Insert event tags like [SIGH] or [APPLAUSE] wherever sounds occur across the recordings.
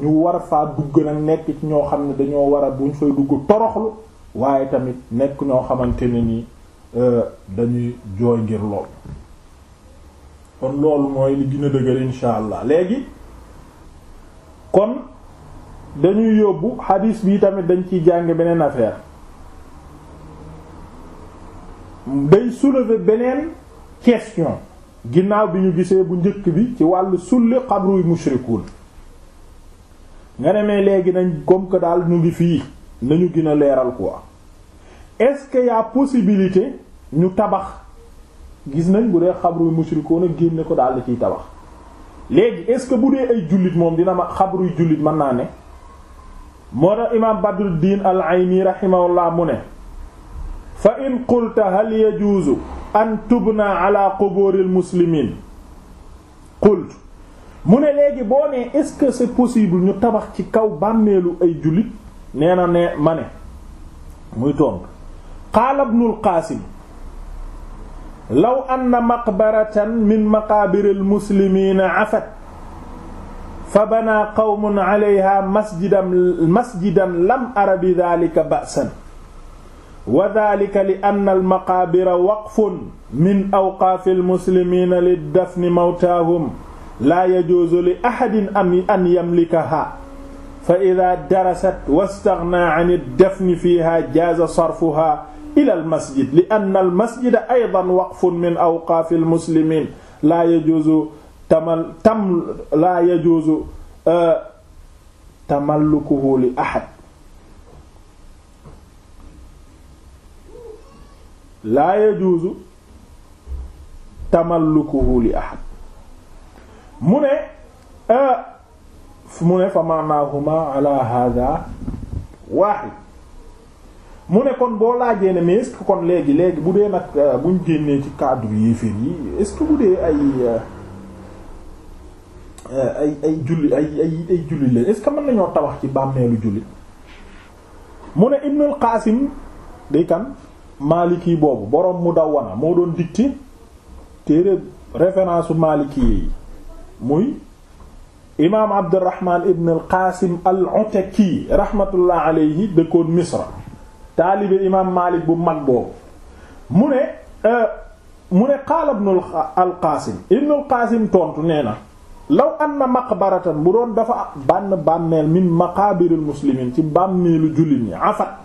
ñu war faa dugg nag nekk ci ñoo xam ne dañoo war a buñ fay dugg toroxlu waaye tamit nekk ñoo xamante ne ni euh, dañuy jooy ngir lool kon loolu mooy li gën a dëgër insha allah léegi kon dañuy yóbbu hadis bi tamit dañ ciy jàng beneen affaire day soulever beneen question ginnaaw bi ñu gisee bu njëkk bi ci wàllu sulli xabru mushrikuun nga ne mais léegi nañ comme que daal ñu ngi fii nañu gën a leeral quoi est-ce que y possibilité ñu tabax gis nañ bu dee xabru mushrikoon a génne ko daal di ciy tabax léegi est-ce que bu dee ay jullit moom dina ma xabruy jullit mën naa ne moo tax imaam Badruddin al-Ayni rahimahullah mu ne fa in qulta hal yajuuzu an tubna ala quburil qultu mu ne léegi boo nee est-ce que c'est possible ñu tabax ci kaw bàmmeelu ay jullit nee na ne ma ne muy tontu qaala ibnul qaasim law anna maqbaratan min maqaabiril muslimiina afat fa banaa qawmun alayha masjidan masjidan lam ara bi daalika ba'san wa daalika li anna almaqaabira waqfun min awqaafil muslimiina li dafni mawtaahum laa yajuuzu li ahadin am an yamlikaha fa ida darasat wastaghna an ad-dafni fiha jaaza sarfuha ila al-masjid li anna al-masjida aydan waqfun min awqaafi al-muslimin laa yajuuzu tamal tam laa yajuuzu uh, tamallukuhu li ahad laa yajuuzu tamallukuhu li ahad mu ne euh, mu ne fa maanaahuma ala mu ne kon boo laajee ne mais est kon léegi léegi bu dee nag euh, buñ génnee ci cadre yéeféer yi est-ce que bu dee ay euh, ay ay julli ay ay ay julli leen est mën nañoo tabax ci bàmmeelu julli mu ne Ibnul Qaasim di kan Maliki boobu boroom Mudawwana moo doon dicté téere référence u Maliki yi muy imaam Abdurrahman ibn al-Qasim al-Utaki rahmatullah alayhi dëkkoon Misra taalibe imaam Malik bu mag boobu mu ne euh, mu ne qaala ibn al-Qasim ibn al-Qasim tontu nee na law anna maqbaratan bu doon dafa bànn bànneel min maqaabiril muslimin ci bàmmeelu jullit ñi afat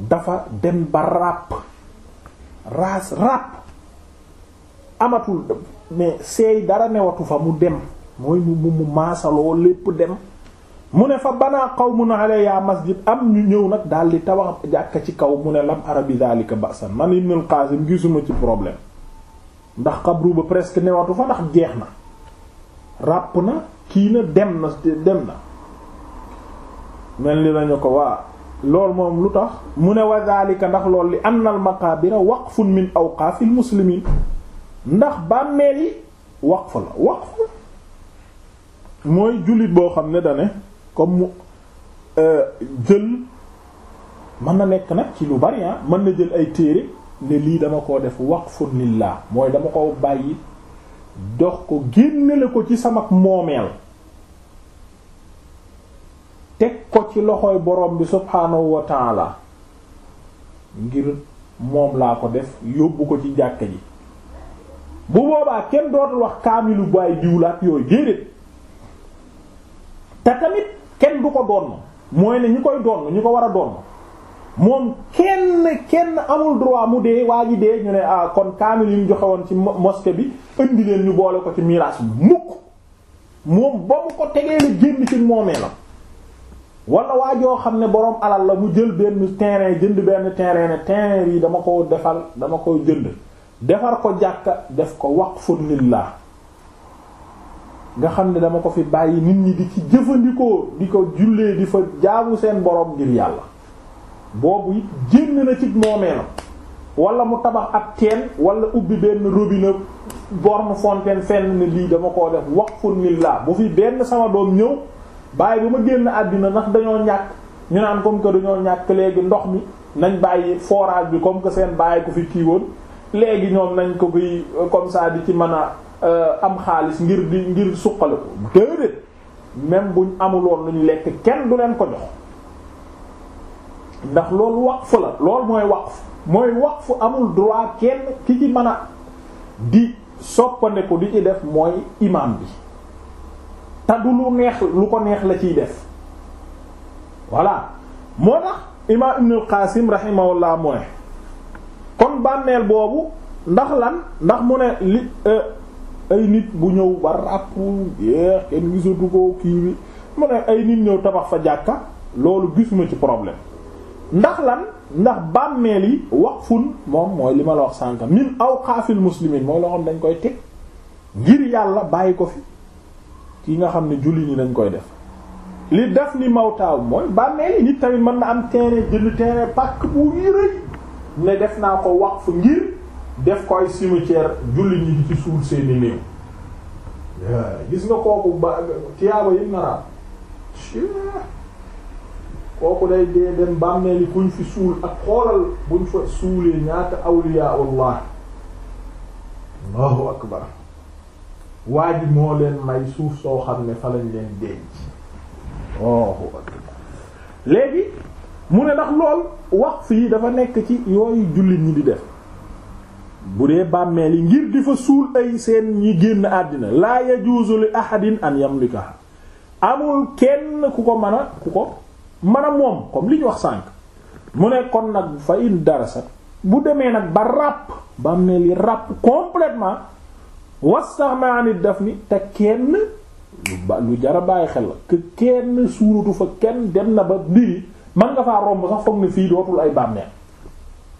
dafa dem ba ràpp raas ràpp amatul mais seey dara newatu fa mu dem mooy mu mu maasaloo lépp dem mu ne fa banaa qawmun alayha masjid am ñu ñëw nag daal di tabax jàkka ci kaw mu ne lam arabi zalika ba'san man ibn al qasim gisuma ci problème ndax xabru ba presque newatu fa ndax jeex na ràpp na kii na dem na dem na mel ni lañu ko waa loolu moom lu tax mu ne wa zalika ndax loolu li anna al maqabira waqfun min awqafil muslimin ndax bàmmeel yi waqf la waqf mooy jullit boo xam ne dane comme mu euh, jël mën na nekk nag ci lu bari ah, mën na jël ay téere ne lii dama ko def waqfun lillah mooy dama ko bàyyi dox ko génne la ko ci sama moomeel teg ko ci loxoy borom bi subhaanahu wa taala ngir moom laa ko def yóbbu ko ci jàkka ji bu boobaa kenn dootul wax kaamilu baay diw la ak yooyu déedéet te tamit kenn du ko doon mooy ne ñu koy doon ñu ko war a doon moom kenn kenn amul droit mu dee waa ji dee ñu ne ah, kon kaamil yi ñu joxe woon ci mosquée bi indi leen ñu boole ko ci miraas bi mukk moom ba mu ko tegee la génn ci moomee la wala waa joo xam ne boroom alal la mu jël benn terrain jënd benn terrain ne terrain yi dama ko defal dama koy jënd defar ko jàkka def ko waqfun lillah nga xam ne dama ko fi bàyyi nit ñi di ci jëfandikoo di ko jullee di fa jaamu seen borom ngir yàlla boobu it génn na ci moomeelam wala mu tabax ak teen wala ubbi benn boor mu fontaine fenn ne lii dama koo def waqfun lillah bu fi benn sama doom ñëw bàyyi bu ma génn àdduna ndax dañoo ñàkk ñu naan comme que dañoo ñàkk léegi ndox mi nañ bàyyi forage bi comme que seen bàyyi ko fi kii woon léegi ñoom nañ ko bi comme ça di ci mën a euh, am xaalis ngir di ngir suqale ko déedéet même buñ amuloon luñ lekk kenn du leen ko jox ndax loolu waqf la loolu mooy waqf mooy waqf amul droit kenn ki ci mën a di soppane ko di ci def mooy imam bi te du lu neex lu ko neex la ciy def voilà moo tax imam Ibn al Qasim rahimahullah mu ne bàmmeel boobu ndax lan ndax mu ne li e, ay nit bu ñëw ba ràpp yeex kenn gisatu ko kii bi mu ne ay nit ñëw tabax fa jàkka loolu gisuma ci problème ndax lan ndax bàmmeel yi wax waqfun moom mooy li ma la wax sànk min awqafil muslimin mooy loo xam dañ koy teg ngir yàlla bàyyi ko fi ki nga xam ne julli ni dañ koy def li def ni mawtaaw mooy bàmmeel yi nit tamit mën na am terrain jënd terrain pàkk bu rëy ne def naa ko waqf ngir def ko ay cimetière jullit ñi di ci suul seeni néew gis nga kooku ba tiyaaba yi naraam kooku day dee dem bàmmeeli kuñ fi suul ak xoolal buñ fa suulee ñaata awliyaullah allahu akbar waa ji moo leen may suuf soo xam ne fa lañ leen denc allahu akbar léegi mu ne ndax lool wax fii dafa nekk ci yooyu jullit ñi di def bu dee bàmmeel yi ngir di fa suul ay seen ñi génn àddina laa yajuuzu li ahadin an yamlikaha amul kenn ku ko mën a ku ko mën a moom comme li wax sànk mu ne kon nag fa dara darasat bu demee nag ba ràpp bàmmeel yi ràpp complètement wastaghna an ad-dafni te kenn lu ba lu jara bàyyi xel la kenn suuratu fa kenn dem na ba biri man nga faa romb sax foog ne fii dootul ay bàmmeel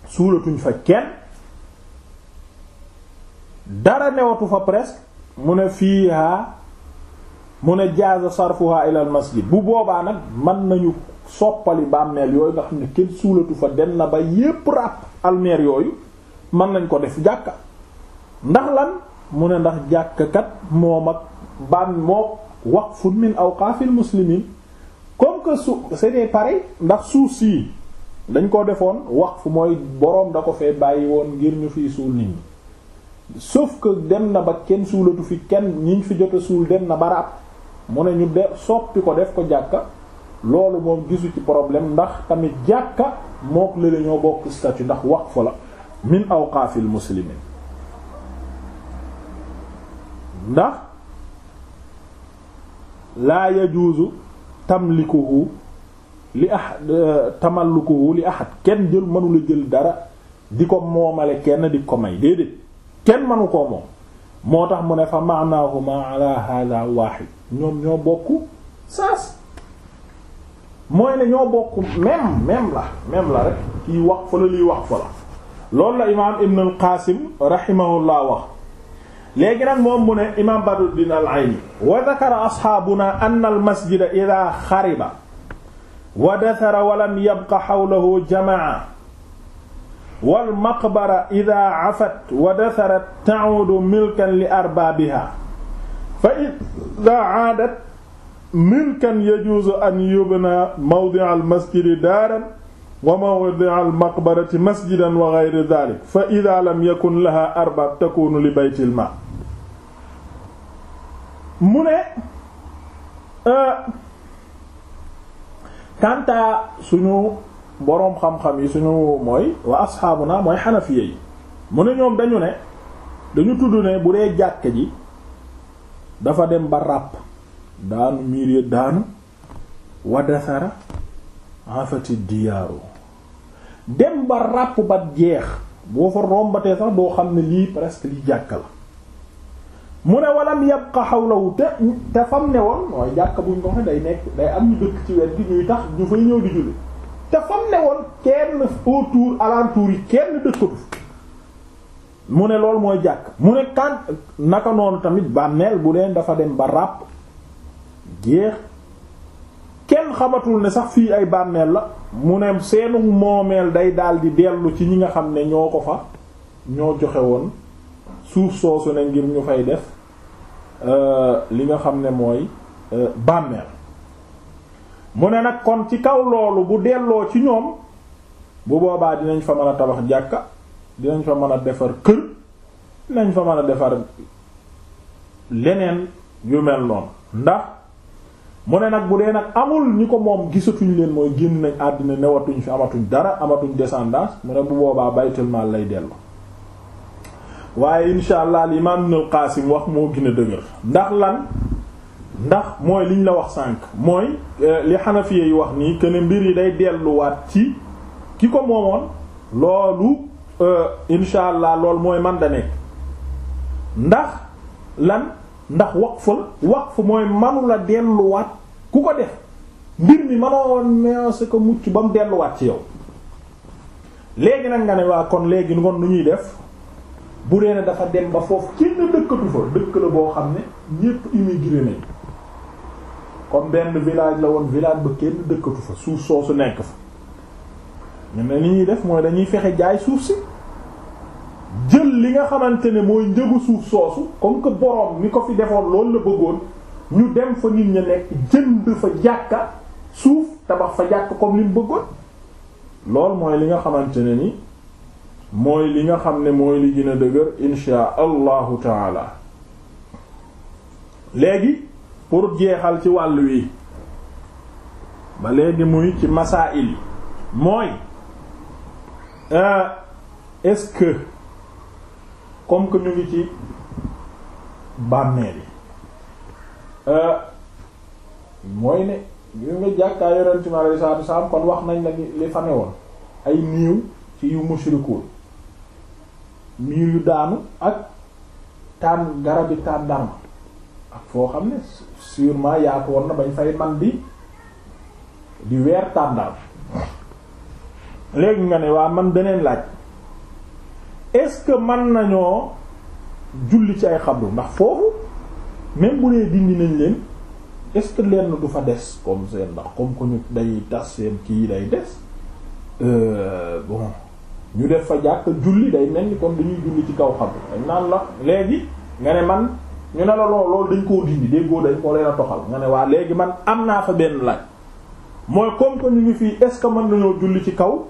suulatuñ fa kenn dara newatu fa presque mu ne fiiha mu ne jaaza sarfuha ila al masjid bu boobaa nag mën nañu soppali bàmmeel yooyu nga xam ne kenn suulatu fa dem na ba yépp ràpp almeer yooyu mën nañ ko def jàkka ndax lan mu ne ndax jàkka kat moom ak ban moo waqfun min awqafil muslimin comme que su c'était pareil ndax suuf sii dañ koo defoon wax fu mooy boroom da ko fee bàyyi woon ngir ñu fi suul nit ñi sauf que dem na ba kenn suulatu fi kenn ñi fi jot a suul dem na baraab mu ne ñu de soppi ko def ko jàkka loolu moom gisu ci problème ndax tamit jàkka mook lële ñoo bokk statut ndax waqf la min awqaafil muslimin ndax laa yajuuzu tamlikuhu li ahad euh, tamallukuhu li ahad kenn jël mënula jël dara di ko moomale kenn di ko may déedéet kenn mënu koo moom moo tax mu ne fa maanaahuma ala hada ñoom ñoo bokk saas mooy ne la même la rek kii wax fa la liy wax fa la loolu la imaam ibn al qaasim rahimahullah wax léegi nag moom mu ne imaam Badruddin al-Ayni wa dhakara ashaabuna anna al-masjida idha khariba wa dathara wa lam yabqa hawlahu jamaa wal maqbara idha afat wa datharat ta'udu milkan li arbaabiha fa idha aadat milkan yajuuzu an yubna mawdi'a al-masjidi daaran wa mawdi'a al-maqbarati masjidan wa ghayri dhaalika fa idha lam yakun laha arbaab takuunu li baytil maa mu ne kanta euh, suñu boroom xam-xam yi suñu mooy wa naa mooy xanafiye yi mu ne ñoom dañu ne dañu tudd ne bu dee jàkk ji dafa dem ba ràpp daan miir daanu waddasara en fait diyaaru dem ba ràpp ba jeex boo fa rombatee sax doo xam ne lii presque li jàkk la mu ne walam yabqa hawlahu te te fam ne woon mooy jàkk buñ ko day nekk day am ñu dëkk ci wet gi ñuy tax ñu fay ñëw di julli te fam ne woon kenn autour alentour yi kenn dëkkatu mu ne loolu mooy jàkk mu ne kan naka noonu tamit bànneel bu dee dafa dem ba ràpp jeex kenn xamatul ne sax fii ay bànneel la mu ne seenu moomeel day daal di dellu ci ñi nga xam ne ñoo ko fa ñoo joxe woon suuf soosu ne ngir ñu fay def Euh, li nga xam ne mooy euh, bàmmeel mu ne nag kon ci kaw loolu bu delloo ci ñoom bu boobaa dinañ fa man a tabax jàkka dinañ fa mën a defar kër dinañ fa mën a defar leneen yu mel noonu ndax mu ne nag bu dee nag amul ñi ko moom gisatuñ leen mooy génn nañ àddina newatuñ fi amatuñ dara amatuñ descendance mu ne bu boobaa baytul lay delloo waaye insha allah al imaam ibn al qaasim wax moo gin a dëgër ndax lan ndax mooy liñ la wax sànq mooy euh, li xanafiya yi wax nii que ne mbir yi day delluwaat ci ki ko moomoon loolu euh, insha allah loolu mooy man da nekk ndax lan ndax wax fu mooy manu la delluwaat ku ko def mbir mi manoon meese ko mucc ba mu delluwaat ci yow léegi nag nga ne waa kon léegi ngoon nu ñuy def bu dee dafa dem ba foofu kenn dëkkatu fa dëkk la boo xam ne ñépp immigré nañ comme benn village la woon village ba kenn dëkkatu fa suuf soosu nekk fa ñu ne li ñuy def mooy dañuy fexe jaay suuf si jël li nga xamante ne mooy njëgu suuf soosu comme que boroom mi ko fi defoon loolu la bëggoon ñu dem fa nit ña nekk jënd fa jàkka suuf tabax fa jàkka comme li bëggoon loolu mooy li nga xamante ne ni mooy li nga xam ne mooy li gën a dëgër insha allahu taala léegi pour jeexal ci wàll wi ba léegi muy ci masaa'il yi mooy euh, est-ce que comme que ñu ngi ci bàmmeel yi euh, mooy ne ñu nga jàkkaay yonent mi alayhi salaatu kon wax nañ la li fa woon ay niiw ci yu mushrikuun miir yu daanu ak tànn garabi tàndarma ak foo xam ne sûrement yaatoon na bañ fay man di di weer tàndal léegi nga ne waa man beneen laaj est-ce que mën nañoo julli ci ay xabru ndax foofu même bu dee dindi nañ leen est-ce que lenn du fa des comme seen ndax comme ko ñu day tas seen kii day des euh, ñu def fa jàkk julli day mel ni kon dañuy julli ci kaw xam dañ naan la léegi nga ne man ñu ne la lool loolu dañ koo dindi déggoo dañ koo leen a toxal nga ne waa léegi man am naa fa benn laaj mooy comme ñu ngi fii est ce que mën nañoo julli ci kaw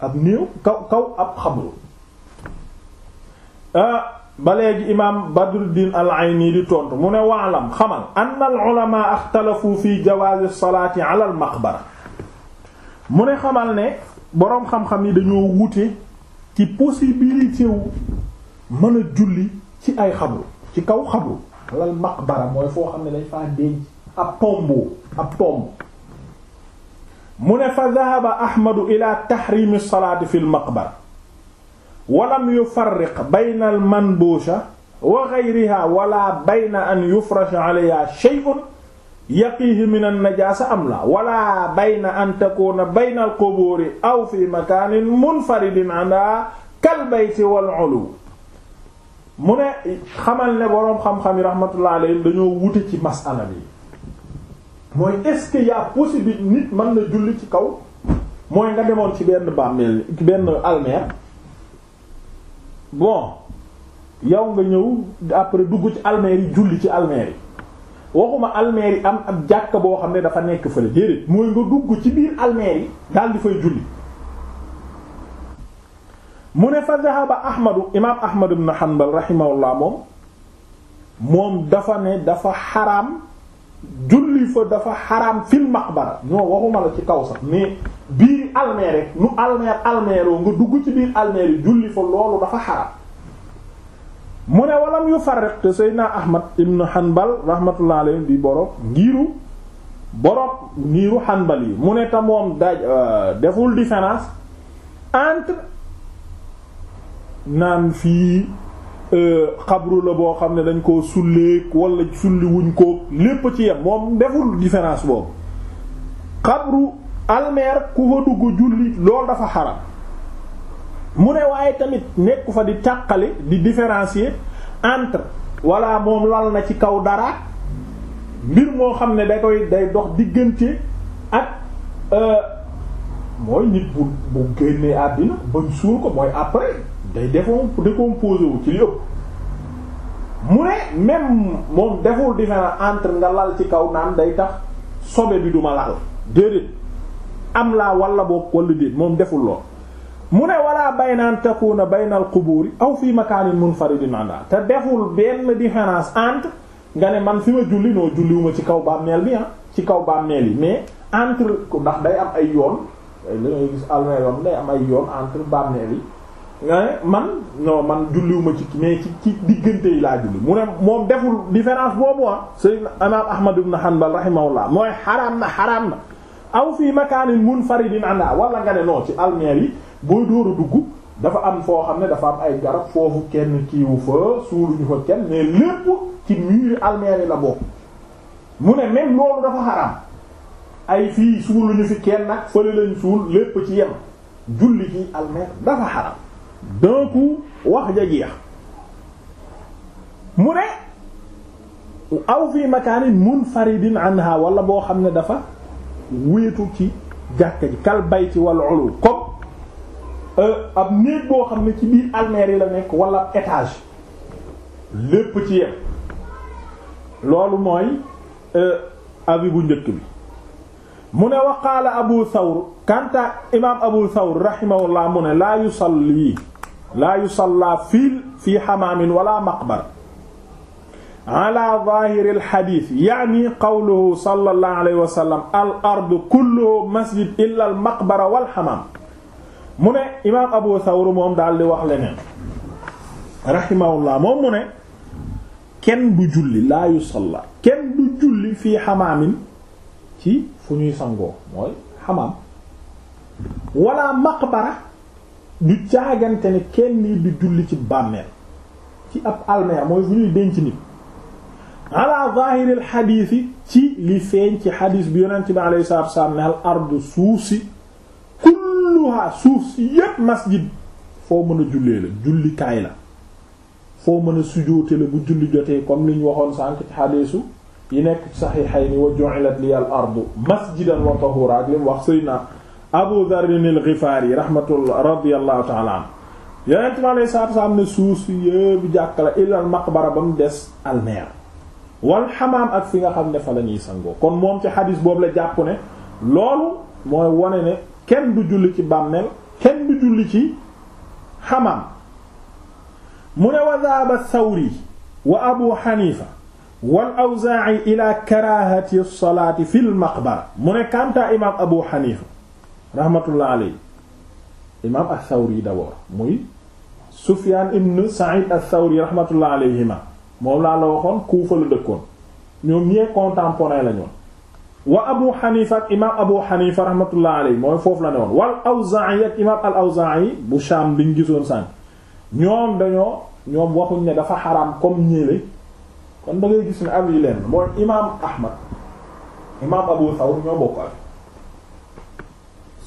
ab néew kaw ab xabru ah, ba léegi imaam Badruddin al di tontu mu ne waalam xamal anna al-ulama ikhtalafu fi jawaazi salaati ala al-maqbara mu ne xamal ne boroom xam-xam yi dañoo wute ci possibilité wu mën a julli ci ay xabru ci kaw xabru lal maqbara mooy foo xam ne dañ faa denc ab tombeau ab tombe mu ne fa dahaba ahmadu ila taxrimi lsalaati fi lmaqbara walam yufarriq bayna almanbuusha wa geyriha wala bayna an yufrasha alayha shay'un yaqihi min an-najasa am la wala bayna an takuna bayna al-quburi aw fi makanin munfaridin anha kal si wal ulu mu ne xamal ne boroom xam-xam yi rahmatullah alayhi dañoo wute ci masala bi mooy est-ce que y'a nit mën na julli ci kaw mooy nga demoon ci benn bàmmeel ci benn almer bon yow nga ñëw après dugg ci almer yi julli ci almer yi waxuma almeer yi am ab jàkka boo xam ne dafa nekk fële déedéet mooy nga dugg ci biir almeer yi daal di fay julli mu ne fa zahaba ahmadu imaam ahmad ibn hanbal rahimahullah moom moom dafa ne dafa xaram julli fa dafa xaraam fil maqbara non waxuma la ci kaw sax mais biir almeer rek nu almeer almeeroo nga dugg ci biir almeer yi julli fa loolu dafa xaraam mu ne walam yu farriq te Seydina Ahmad ibn Hanbal rahmatullah alayhi di borom ngiiru borom ngiiru Hanbal yi mu ne te moom daj euh, deful différence entre naan fii euh, xabru la boo xam ne dañ ko sulleek walla sulli wuñ ko lépp ci yem moom deful différence boobu xabru almeer ku fa dugg julli loolu dafa xaram mu ne waaye tamit nekku fa di tàqale di différencier entre walla moom lal na ci kaw dara mbir moo xam ne da koy day dox diggante ak euh, mooy nit bu bu génnee àddina bañ suur ko mooy après day defom décomposé wu ci li ëpp mu ne même moom deful différence entre nga lal ci kaw naan day tax sobe bi duma lal déedéet am laa walla bokk ko déet moom deful lool mu ne wala bayna an takuna bayna al quburi aw fi makanin munfaridin anha te deful benn différence entre nga ne man fi ma julli noo julliwuma ci kaw bàmmeel bi ah, ci kaw bàmmeel yi mais entre ndax day am ay yoon eh, la yoon entre bàmmeel yi nga ne man non man julliwuma ci mais ci diggante yi laa julli mu ne moom deful différence boobu ah sayyid imam ahmad ibn hanbal rahimahullah mooy xaraam na xaraam na aw fii makaanin munfaridin anda wala nga ne non ci almeer yi boo dóor a dugg dafa am foo xam ne dafa am ay garab foofu kenn kiiwu fa suuluñu fa kenn mais lépp ci mur almeer yi la bokk mu ne même loolu dafa xaraam ay fii suuluñu fi kenn nag fële lañ suul lépp ci yem julli ci almeer dafa xaraam donc wax ja jeex mu ne aw fii makaanin munfaridin anha wala boo xam ne dafa wéetu ci jàkka ji kal ci wàllu olu comme euh, ab néeg boo xam ne ci biir almeer yi la nekk wala étage lépp ci yem loolu mooy euh, avis bu njëkk bi mu ne wa qaala abu thawr kanta imaam abu thawr rahimahullah mu ne laa yusalli laa yusalla fii fi xamaamin wala maqbara ala zahiril xadiis yaani qawluhu sallallahu alayhi wa sallam al ardu kulluhu masjid illa al maqbara wal xamaam mu ne imaam Abu Thawr moom daal di wax leneen rahimahullah moom mu ne kenn du julli laa yusalla kenn du julli fii xamaamin ci fu ñuy sangoo mooy xamaam wala maqbara du caagante ne kenn nii du julli ci bàmmeel ci ab almeer mooy fu ñuy denc nit ala zahiril xadiis yi ci li feeñ ci xadiis bi yonent bi alayhi salaatu wasalaam ne al ardu suuf si kulluha suuf si yépp masjid foo mën a jullee la jullikaay la foo mën a sujoote la bu julli jotee comme li ñu waxoon sànk ci xadiisu yi nekk ci saxiixayni wa ju'ilat li al ardu masjidan wa tahura ak li mu wax sëy na Abu Dharr al-Ghifari rahmatullah radiyallahu ta'ala an yonent bi alayhi salaatu wasalaam ne suuf si yépp jàkk la ilal maqbara ba mu des almeer wal xamaam ak fi nga xam ne fa la sangoo kon moom ci xadis boobu la jàpp ne loolu mooy wane ne kenn du julli ci bàmmeel kenn du julli ci xamaam mu ne wa zaaba thawri wa abu xanifa wal awzaa'i ila karahati salaati fi lmaqbara mu ne kanta imam abu xanifa rahmatullah alayhi imam athawri d'abord muy sufyan ibn sa'id athawri rahmatullah alayhima moom laa la waxoon Kuufa la dëkkoon ñoom ñee contemporain la ñoon Abu Hanifa ak imaam Abu Hanifa rahmatullah mooy foofu la ne woon wal Awzaa'i ak imaam al Awzaa'i bu Shaam bi gisoon sànq ñoom dañoo ñoom waxuñ ne dafa xaraam comme ñële kon da ngay gis ne ab yi leen mooy imaam Ahmad imaam Abu Thawr ñoo bokk ak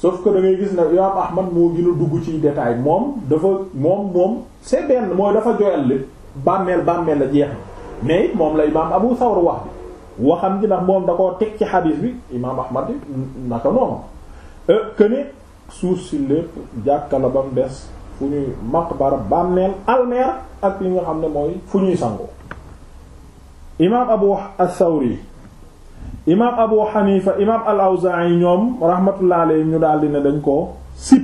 sauf que da gis ne imaam Ahmad moo gën dugg ci détail moom dafa moom moom c'est benn mooy dafa joyal lépp bàmmeel bàmmeel la jeex na mais moom la imaam Abu Thawr wax bi waxam ji ndax moom da koo teg ci xadiis bi imaam Ahmad naka noonu euh, que ne suuf si lépp jàkka la ba mu des fu ñuy maqbara bàmmeel almeer ak li nga xam ne mooy fu ñuy sangoo imaam Abu Thawri imaam Abu Hanifa imaam al-Awzaa'i ñoom rahmatullah ñu daal ne dañ koo sib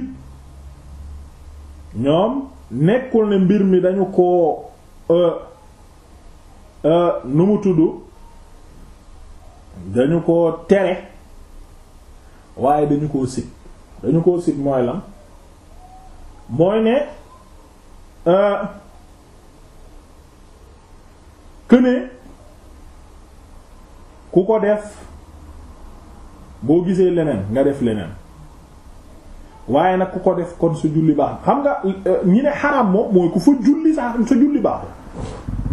ñoom nekkul ne mbir mi dañu ko Euh, euh, nu mu tudd dañu ko tere waaye dañu koo sib dañu koo sib mooy lan mooy ne këne euh, ku ko def boo gisee leneen nga def leneen waaye nag ku ko def kon sa julli baax xam nga euh, ñi ne xaraam moom mooy ku fa julli sa sa julli baax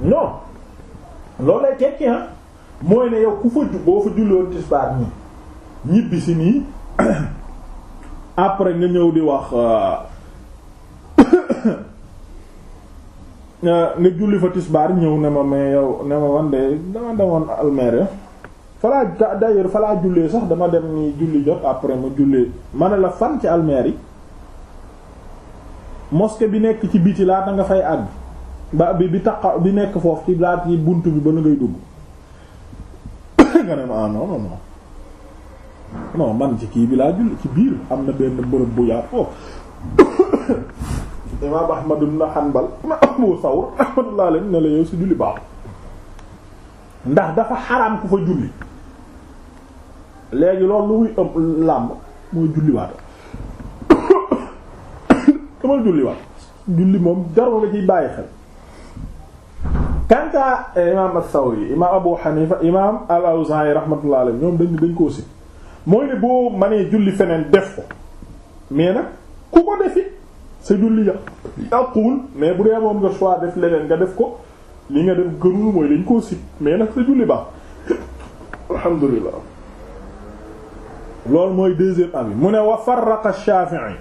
non loolu lay tekki ah mooy ne yow ku fa boo fa julli woon tisbaar nii ñibbi si nii [COUGHS] après nga ñëw di wax euh, [COUGHS] euh, nga julli fa tisbaar ñëw ne ma mais yow ne ma wan de dama demoon almere falaa d'ailleurs falaa jullee sax dama dem ni julli jot après ma jullee ma ne la fan ci almeer yi mosquée bi nekk ci biti laata nga fay àgg ba bi bi taqa bi nekk foofu ci laa yi bunt bi ba na ngay dugg [COUGHS] nga ne ma ah non non man ci kii bi laa julli ci biir am na benn bërëb bu yaat foofu [COUGHS] imaam Ahmad ibn Hanbal Abu Sawr rahmatullah alayhi ne yow si julli baax ndax dafa xaraam ku fa julli léegi loolu lu muy ëpp làmb mooy julliwaat [COUGHS] damal julliwaat julli moom jarul nga ciy bàyyi xel kanta eh, imam as-Sawi imam Abu Hanifa imam al-Awza'i rahmatullah alayhi ñoom dañ dañ koo si mooy ne boo mënee julli feneen def ko mais nag ku ko defi sa julli ya yàquwul mais bu dee moom nga choix def leneen nga def ko li nga def gënul mooy dañ koo sit mais nag sa julli baax [COUGHS] alhamdulillah loolu mooy deuxième avis mu ne wa farraqa Shafi'i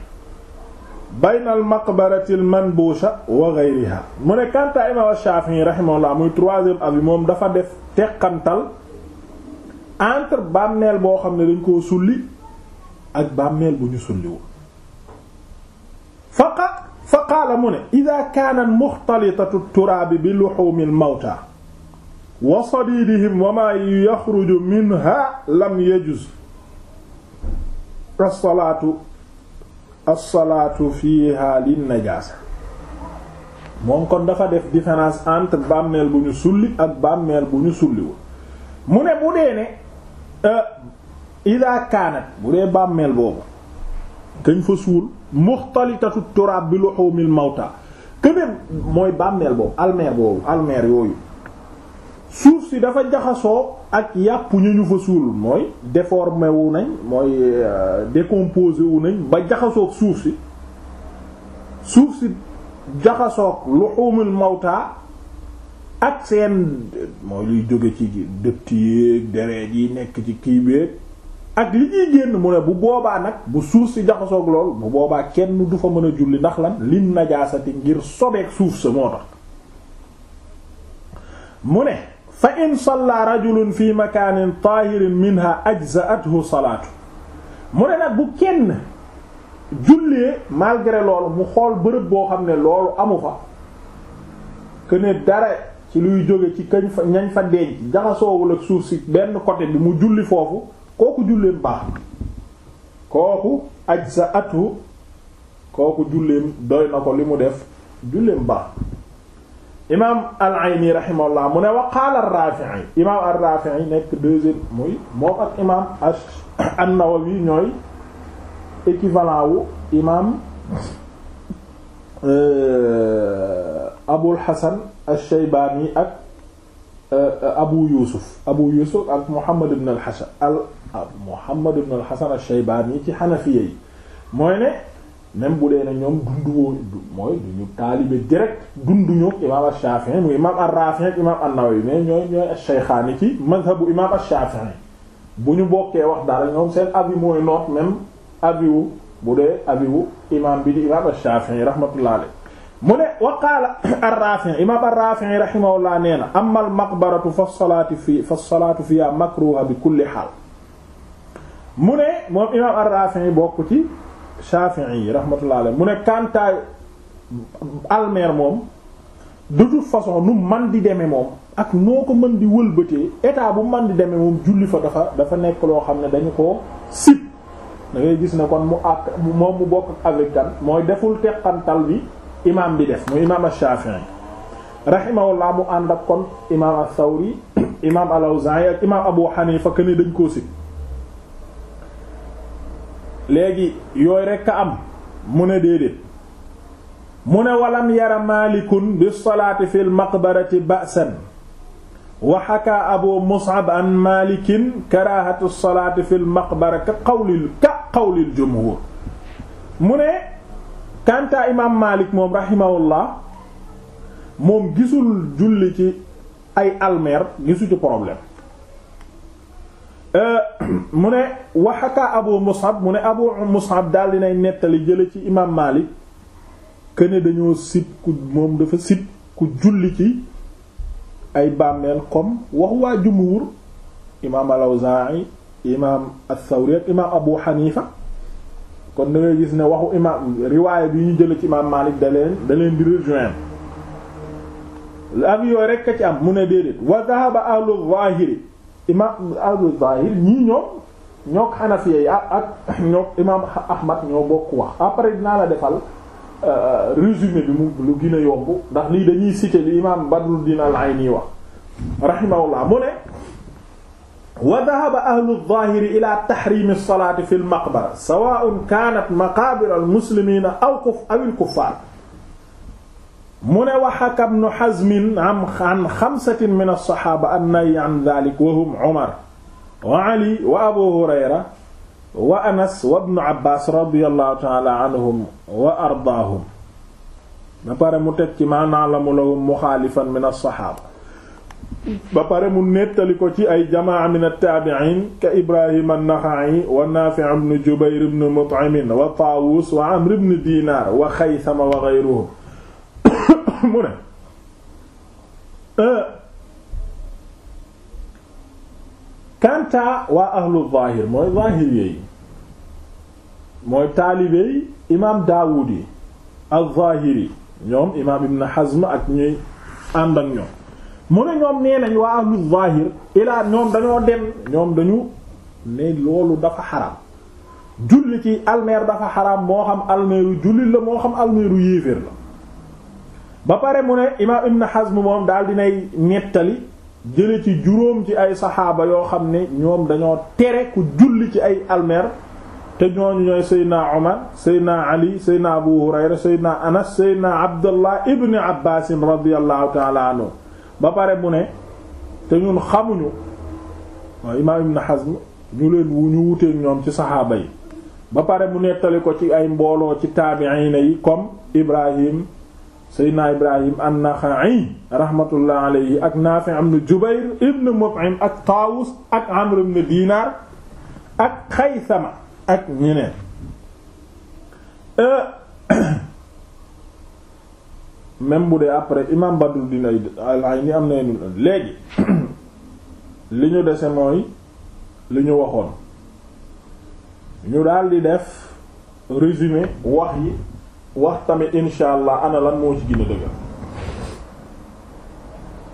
bayna al maqbarati al manbusha wa ghayriha mu ne kanta imam Shafi'i rahimahullah muy troisième avis moom dafa def teqantal entre bàmmeel boo xam ne dañ koo sulli ak bàmmeel bu ñu sulliwul faqa fa qaala mu ne ida kaanat muxtalitatu turaabi bi luxuumi almawta wa sadiidihim wa maa yaxruju minha lam yajuz as-salaatu as-salaatu fiiha lin-najaasa moom kon dafa def différence entre bàmmeel bu ñu sulli ak bàmmeel bu ñu sulliwul mu ne bu dee ne euh, ida kaanat bu dee bàmmeel boobu kañ fa suul muxtalitatu turaab bi luhumil mawta këne mooy bàmmeel boobu almeer boobu almeer yooyu suuf si dafa jaxasoo ak yàpp ñu ñu fa suul mooy déformé wu nañ mooy euh, décomposé wu nañ ba jaxasook suuf si suuf si jaxasoog luhumul mawta ak seen mooy luy jóge ci dëtt yéeg dereet yi nekk ci kii beeg ak li ñuy génn mu ne bu boobaa nag bu suuf si jaxasook lool bu boobaa kenn du fa mën a julli ndax lan lin najaasati ngir sobeek suuf sa moo tax mu ne fa in salla rajulun fi makaanin taahirin minha ajza'athu salaatu mu ne nag bu kenn jullee malgré loolu mu xool bërëb boo xam ne loolu amu fa que dara ci luy jóge ci kañ fa ñañ fa denc jaxasoowul ak suuf si benn côté bi mu julli foofu kooku julleem baax kooku ajza'athu kooku julleem doy na ko li mu def julleem baax imaam al-Ayni rahimahullah mu ne wa qaala ar-Rafi'i imaam ar-Rafi'i nekk deuxième muy moom ak imaam an-Nawawi ñooy équivalent wu imaam euh, Abul Hasan ash-Shaybani ak euh, Abu Yusuf Abu Yusuf ak Muhammad ibn al-Hasan al Muhammad ibn al-Hasan ash-Shaybani ci Hanafiyyi mooy ne. même bu dee ne ñoom dunduwoo mooy duñu taalibe direct dunduñu imaam Shafi'i mu imaam ar-Rafi'i ak imaam an-Nawawi mais bu ñu bokkee wax dara ñoom seen avis mooy noot même avis bu dee avis imaam bi di imaam ash-Shafi'i rahmatullahi alayhi mu ne wa qaala ar imaam ar-Rafi'i rahimahullah nee na amma al fa salaatu fi fa salaatu fiha makruha bi kulli haal mu ne moom imaam ar-Rafi'i bokk ci Shafi'i yi rahmatullah alayhi mu ne kantaay almer moom du toute façon nu man di demee moom ak noo ko mën di wëlbatee état bu man di demee moom julli fa dafa dafa nekk loo xam ne dañu ko sit da gis ne kon mu àq moom mu bokk avec kan mooy deful teqantal bi imam bi def muy imam Shafi'i rahimahullah mu ànd ak kon imam as-Sawri imam al-Awza'i ak imam Abu Hanifa que ne dañ koo sit léegi yooyu rekk a am mu ne déedéet mu ne walam yara maalikun bi salaati fi lmaqbarati ba'san wa xakaa abu mus'ab an maalikin karaahatu salaati fi lmaqbara ka qawlil ka qawlil jumhur mu ne kantaa imaam maalik moom rahimahullah moom gisul julli ci ay almer gisu ci problème Euh, [CLEARS THROAT] mu ne waxakaa abu musab mu ne abu musab daal dinay nettali jële ci imaam maalik këne dañoo sib ku moom dafa sib ku julli ci ay bàmmeel comme wax waa jumhur imaam al-Awzaa'i imaam sawri ak imaam abu xanifa kon da gis ne waxu imaam riwaaya bi ñu jële ci imaam maalik da leen da leen di rejoindre la ak yooyu rekk a ci am mu ne déedéet wa dhahaba ahlu zaahiri imaam abu zahir ñii ñoom ñook xanafiya yi ak ñook imaam ahmad ñoo bokk wax après dinaa la defal euh, résumé bi mu lu gën a yomb ndax lii dañuy citer li imaam badruddin al ayni wax rahimahullah mu ne wa dahaba ahlu zahiri ila tahrimi salaati fi al maqbara sawaun kanat maqabir al muslimina aw kuf aw al kuffar mu ne wa haka ibn Hazm an xamsatin min as-saxaaba an-nahyi an dhaalika wa hum Umar wa Ali wa Abu Hurayra wa Anas wa ibn Abbaas radiyallahu ta'aala anhum wa ardaahum ba pare mu teg ci maa na'lamu lahum muxaalifan min as-saxaaba ba pare mu nettali ko ci ay jamaa min at-taabi'iin ka Ibrahim an-Naxa'i wa Naafi' ibn Jubayr ibn Mut'im wa Taawus wa Amr ibn Diinaar wa Xaysama wa ghayruhum [COUGHS] mu ne [COUGHS] euh. kanta waa ahlu zahir mooy taalibeey imaam daawud yi az-zahiri ñoom imaam ibn hazm ak ñuy ànd ak ñoom mu ne ñoom nee nañ waa ahlu zahir ilaa ñoom dañoo dem ñoom dañu ne loolu dafa xaram julli ci almeer dafa xaram moo xam almeeru jullit la moo xam almeeru yéeféer la ba pare mu ne imaam Ibn Hazm moom daal dinay nettali jële ci juróom ci ay saxaaba yoo xam ne ñoom dañoo tere ku julli ci ay almer te ñooñu ñooy Seydina Omar Seydina Ali Seydina Abu Hurayra Seydina Anas Seydina Abdullah Ibn Abbas radiyallahu ta'ala anhu ba pare mu ne te ñun xamuñu waaw imaam Ibn Hazm ñu leen wu ñu wuteek ñoom ci saxaaba yi ba pare mu nettali ko ci ay mbooloo ci taabi'in yi comme Ibrahim seydna ibrahim an-Naxa'i rahmatullah alayhi ak Naafi' ibn Jubayr ibn Mut'im ak Taawus ak Amr ibn Dinar ak Xaysama ak ñeneen euh, [COUGHS] même bu dee après imam Badruddin al-Ayni am na léegi [COUGHS] li ñu dese mooy li ñu waxoon ñu daldi def résumé wax yi wax tamit insha ana lan moo ci gën a dëgër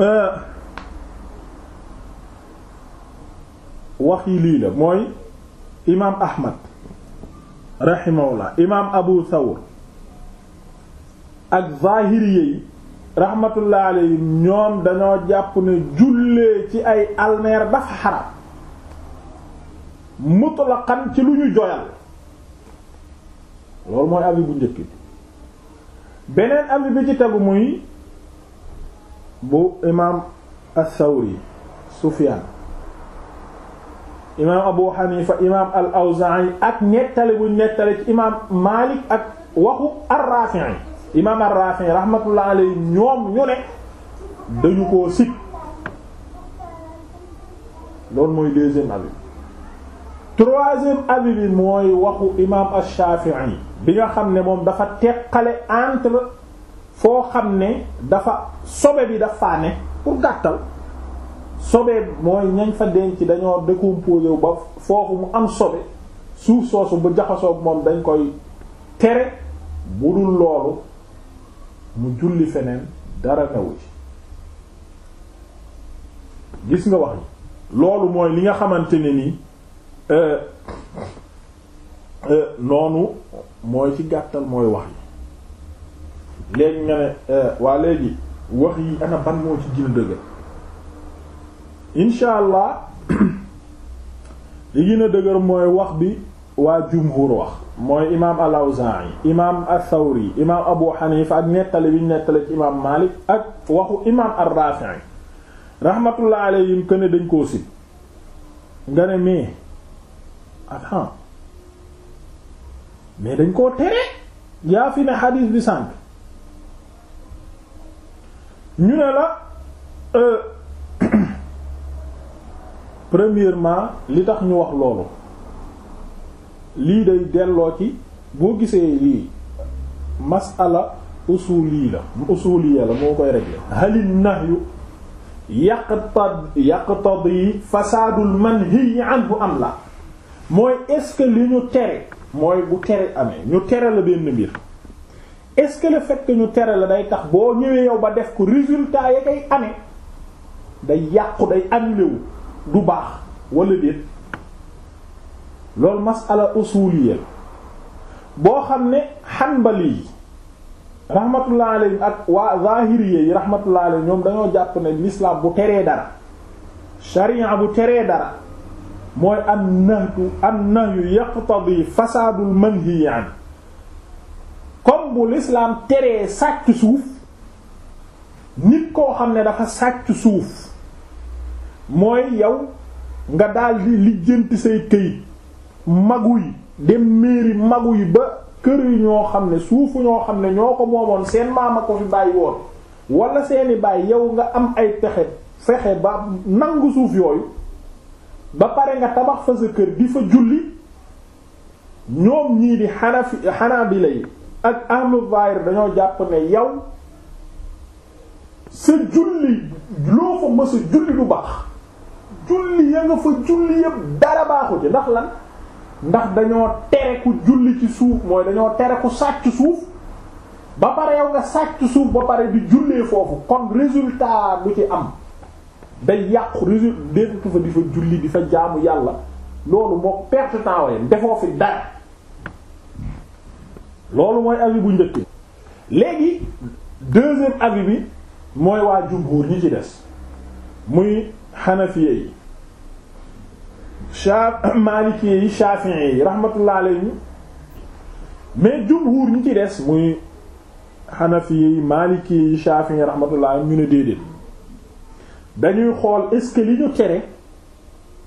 euh, wax yi lii la mooy imaam ahmad rahimahullah imaam abu thawr ak zahiri yi rahmatullah alayhim ñoom dañoo jàpp ne jullee ci ay almeer dafa xaram mutlaqan ci lu ñu joyal loolu mooy avis bu njëkk bi beneen avis bi ci tegu muy bu imaam as-Sawri Sufyaan imaam Abu Hanifa imaam al-Awzaa'i ak nettali bu nettali ci imaam Maalik ak waxu ar-Raafi'i imaam ar-Raafi'i rahmatullah alayhi ñoom ñu ne dañu koo sit loolu mooy deuxième avis troisième avis bi mooy waxu imaam ash-Shaafi'i bi nga xam ne moom dafa teqale entre foo xam ne dafa sobe bi dafa ne pour gàttal sobe mooy ñañ fa denc dañoo décomposé wu ba foofu mu am sobe suuf soosu bu jaxasoog moom dañ koy tere bu dul loolu mu julli feneen dara newu ci gis nga wax yi loolu mooy li nga xamante ne nii euh, Euh, noonu mooy ci gàttal mooy wax yi léegi nga ne euh, waa léegi wax yi ana ban moo ci gën dëgër incha allah li gën dëgër mooy wax bi waa jumhur wax mooy imaam al-Awzaa'i imaam ath-Thawri imaam Abu Hanifa ak nettali bi nettali ci imaam Maalik ak waxu imaam ar rahmatullah alayhim que ne dañ koo sib nga ne mais attends mais dañ koo tere yaa fi ne xadiis bi sànk ñu ne la euh, [COUGHS] premièrement li tax ñu wax loolu lii day delloo ci boo gisee lii masala usuli la usuliya la moo koy régler halil nahyu yaqtad yaqtadi fasaadul manhi anhu am la mooy est li ñu tere mooy bu tere amee ñu tere la benn mbir est-ce que le fait ñu tere la day tax boo ñëwee yow ba def ko résultat ya koy amee day yàqu day annulé wu du baax walla déet loolu masala usuliyya boo xam ne hanbali yi rahmatullah alayhi ak waa zahiriyya yi rahmatullah alayhi ñoom dañoo jàpp ne mislaam bu teree dara sharia bu teree dara mooy an nahyu an nahyu yaqtadi fasaadul manhi an comme bu l'islam teree sàcc suuf nit koo xam ne dafa sàcc suuf mooy yow nga daal di lijjanti say këy magu yi dem mairie magu yi ba kër yi ñoo xam ne suufu ñoo xam ne ñoo ko moomoon seen maama ko fi bàyyi woon wala seeni bàyyi yow nga am ay pexe fexe ba nangu suuf yooyu ba pare nga tabax fa sa kër di fa julli ñoom ñii di xanafi xanaabila yi ak ahlu zahir dañoo jàpp ne yow sa julli loo fa mësa julli du baax julli ya nga fa julli yëpp dara baaxu ci ndax lan ndax dañoo tere ku julli ci suuf mooy dañoo tere ku sàcc suuf ba pare yow nga sàcc suuf ba pare di jullee foofu kon résultat bu ci am day yàqu résultat déetu fa di fa julli di fa jaamu yàlla loolu moo perte temps waaye defoo fi dara loolu mooy avis bu njëkk léegi deuxième avis bi mooy waa jumhur ñi ci des muy xanafiye yi sha maalikiye yi shafi'i yi rahmatullah alayhi mais jumhur ñi ci des muy xanafiye yi maalikiye yi shafi'i yi rahmatullah ñu ne déedéet dañuy xool est-ce que li ñu tere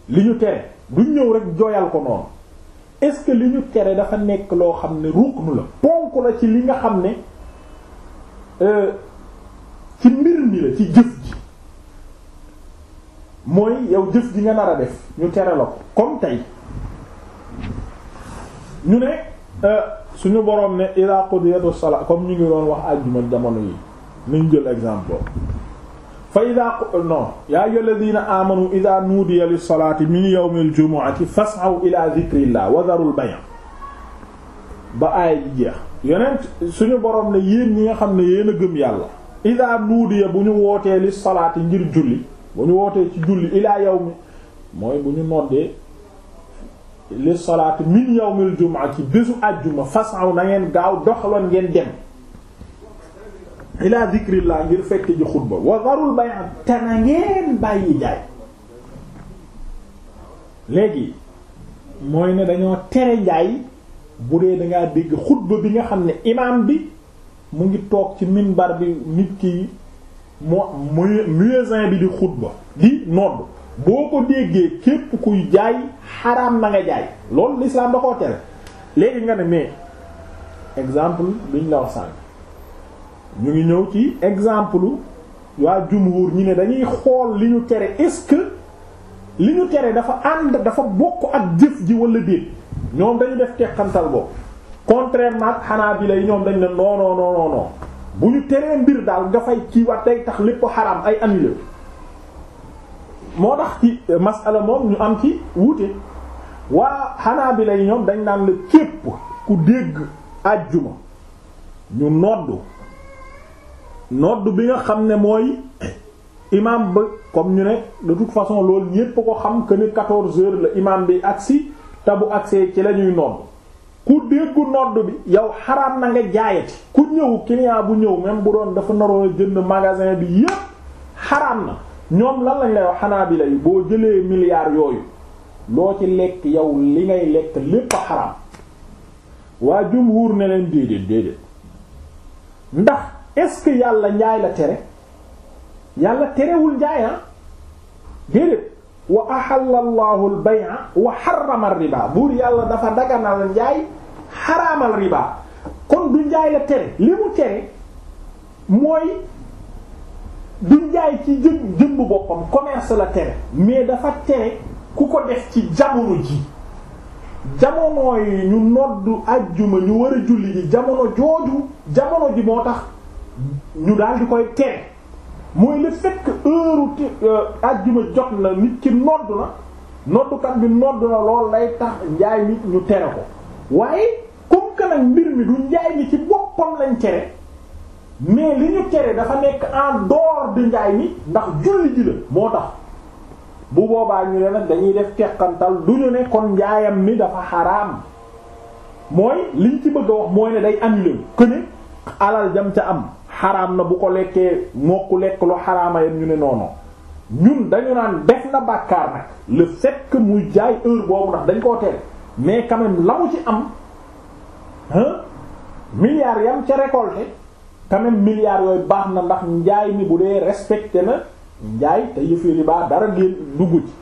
li ñu tere duñ ñëw rek jooyal ko noonu est-ce que li ñu tere dafa nekk loo xam ne ruknu la ponk la ci li nga xam ne euh, ci mbir mi ci jëf ji mooy yow jëf ji nga nar a def ñu tere la ko comme tey ñu ne euh, suñu boroom ne ila qudiyatu salat comme ñu ngi doon wax àjjuma jamono yi nañ jël exemple boobu fa ida non yaa ayyuha alladina amanu ida nuudiya lilsalaati min yawmi aljumuati fasaw ila dicrillah wa darul bay' ba aay ji jeex yonent suñu borom ne yéen ñi nga xam ne yéen a gëm yàlla ida nuudiya bu ñu wootee li salaati ngir julli bu ñu wootee ci julli ilaa yawmi mooy bu ñu noddee li salaati min yawmil jumuati bésu àjjuma fasaw na ngeen gaaw doxaloon ngeen dem ila zikrillah ngir fekk ji xutba wa darul bay'a te na ngeen bàyyi jaay léegi mooy ne dañoo tere jaay bu dee dangaa dégg xutba bi nga xam ne imaam bi mu ngi toog ci minbar bi nit ki mu muezzin bi di xutba di nodd boo ko déggee képp kuy jaay xaraam na nga jaay loolu l'islam da koo tere léegi nga ne mais exemple bi ñu la wax sànk ñu ngi ñëw ci exemple waa jumhur ñi ne dañuy xool li ñu tere est-ce que li ñu tere dafa ànd dafa bokk ak jëf ji wala déet ñoom dañu def teqantal boobu contrairement ak Hanabila yi ñoom dañ ne non bu ñu teree mbir daal nga fay ci wax day tax lépp xaraam ay annulé moo tax ci masala moom ñu am ci wuute waa Hanabila yi ñoom dañ naan la képp ku dégg àjjuma ñu noddu nodd bi nga xam ne mooy imam ba comme ñu ne de toute façon loolu ñépp ko xam que ne quatorze la imam bi agsi te bu agsee ci lañuy ñuy nodd ku déggu nodd bi yow xaraat na nga jaayati ku ñëw client bu ñëw même bu doon dafa naroon jënd magasin bi yépp xaraam na ñoom lal lañ lay wax xanaa bi lay boo jëlee milliards yooyu loo ci lekk yow li ngay lekk lépp a xaraam waa jumhuur ne leen déedéet déedéet ndax est-ce que yàlla njaay la tere yàlla terewul njaay ah déedéet wa ahalla allahu al wa harrama ar buur yàlla dafa daganal njaay xaraamal riba kon du njaay la tere li mu tere mooy du njaay ci jëmb boppam commerce la tere mais dafa tere ku ko def ci jamono ji jamono yi ñu nodd ajjuma ñu war a julli ji jamono jooju jamono ji moo tax ñu daal di koy tere mooy le fait que heure ci euh, àjjuma jot na nit ki nodd na noddukat bi nodd na lool lay tax njaay nit ñu tere ko waaye comme que nag mbir mi du njaay mi ci boppam lañ tere mais li ñu tere dafa nekk en dehors di njaay mi ndax julli ji la moo tax bu boobaa ñu ne nag dañuy def teqantal du ñu ne kon njaayam mi dafa xaraam mooy liñ ci bëgg a wax mooy ne day annulé que alal jam ca am xaraam na bu ko lekkee moo ku lekk lu xaraama yam ñu ne noonu ñun dañu naan def na bàkkaar nag le fait que muy jaay heure boobu ndax dañ koo teel mais quand même la ci am hein milliards yam ca récolté quand même milliards baax na ndax njaay mi bu dee respecté na njaay te yëfee ribaa dara génn dugg ci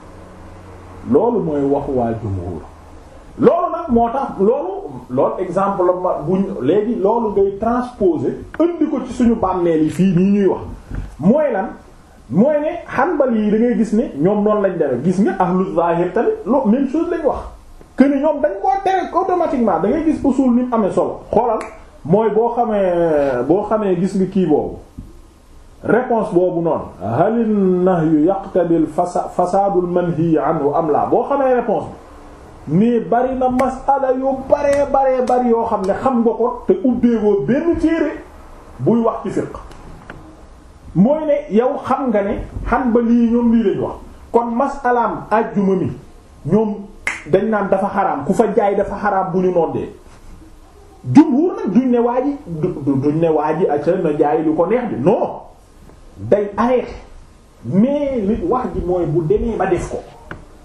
loolu mooy waxu waa jumhur loolu nag moo tax loolu loolu exemple la ma buñ léegi loolu ngay transposer indi ko ci suñu bàmmeel yi fii nii ñuy wax mooy lan mooy ne Hanbali yi da ngay gis ni ñoom noon lañ deme gis nga ahlu zahir tamit lo même chose lañ wax que ni ñoom dañ koo tere automatiquement da ngay gis usul ni mu amee solo xoolal mooy boo xamee boo xamee gis nga kii boobu réponse boobu noonu halin nahyu yaqtadil fasa fasadul manhi anhu am la boo xamee réponse mais bari na masala yu baree baree bari yoo xam ne xam nga ko te ubbeegoo benn téere buy wax ci fiqh mooy ne yow xam nga ne Hanbali ñoom lii lañ wax kon masalaam ajjuma mi ñoom dañ naan dafa xaraam ku fa jaay dafa xaraam bu ñu noddee jumhur nag duñ ne waa ji duñ ne waa ji acca na jaay lu ko neex bi non day arrêté mais li wax ji mooy bu demee ba def ko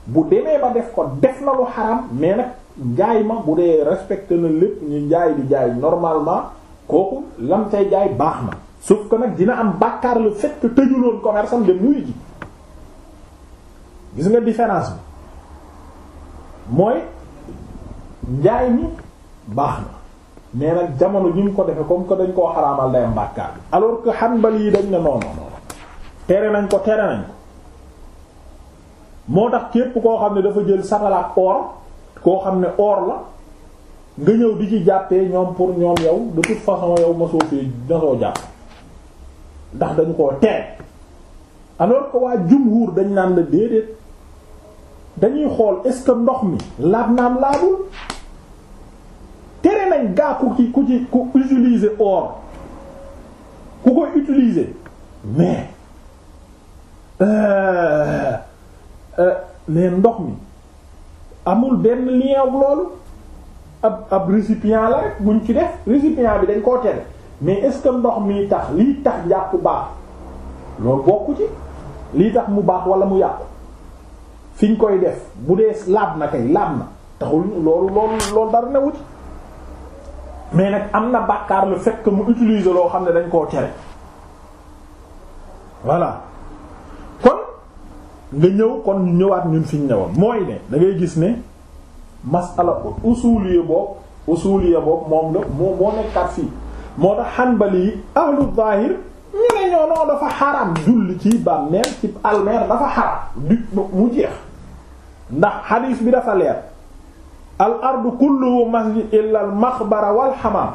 bu demee ba def ko def na lu xaram mais nag njaay ma bu dee respecté na lépp ñu njaay di jaay normalement kooku lam tay jaay baax na sauf ko nag dina am bàkkaar le fait que tëjuloon commerce am muy nuyu gis nga différence bi mooy njaay mi baax na mais nag jamono ji mu ko defee comme que dañ koo xaraamal day am bàkkaar bi alors que Hanbali yi dañ ne non tere nañ ko tere nañ ko moo tax képp koo xam ne dafa jël satalaak or koo xam ne or la nga ñëw di ci jàppee ñoom pour ñoom yow de toute façon yow ma soo fee nasoo jàpp ndax dañu koo tere alors que waa jumhur dañ naan la déedéet dañuy xool est-ce que ndox mi laab naam laabul tere nañ gaa ki ku ci ku utiliser or ku koy utiliser mais. Euh, Euh, mais ndox mi amul benn lien ak loolu ab ab récipient la rek buñ ci def récipient bi dañ koo tere mais est ndox mi tax lii tax njàpp baax loolu bokku ci lii tax mu baax wala mu yàqu fi ñu koy def bu dee laab na kay laab na taxul loolu loolu loolu dara newu mais nag am na bàkkaar lu fekk mu utiliser loo xam ne dañ koo tere voilà nga ñëw kon ñëwaat ñun fi ñu ñëwoon mooy ne da ngay gis ne masala usuliya boobu usuliya boobu moom la moo moo nekkaat fii moo tax xanbali yi ahlu zahir ñu ñoo noo dafa xaram julli ci bàmmeel ci almeer dafa xaram du mu jeex ndax xadiis bi dafa leer al ardu kulluhu masjid illa al maqbara wal xamaam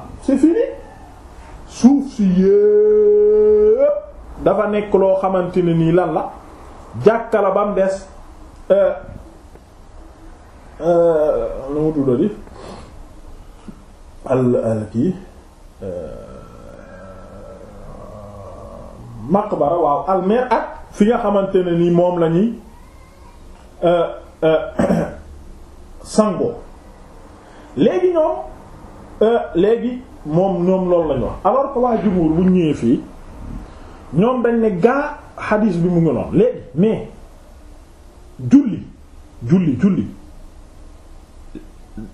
suuf si yépp dafa nekk loo xamante ne nii lan la jàkka ba euh, euh, mu des lu mu tudda di al al kii euh, maqbara waaw almeer ak fi nga xamante ne ni moom la ñuy [COUGHS] léegi ñoom léegi moom ñoom loolu lañu wax alors waa jumhur bu ñëwee fii ñoom dañ ne gaa xadiis bi mu ngi noonu léegi mais julli julli julli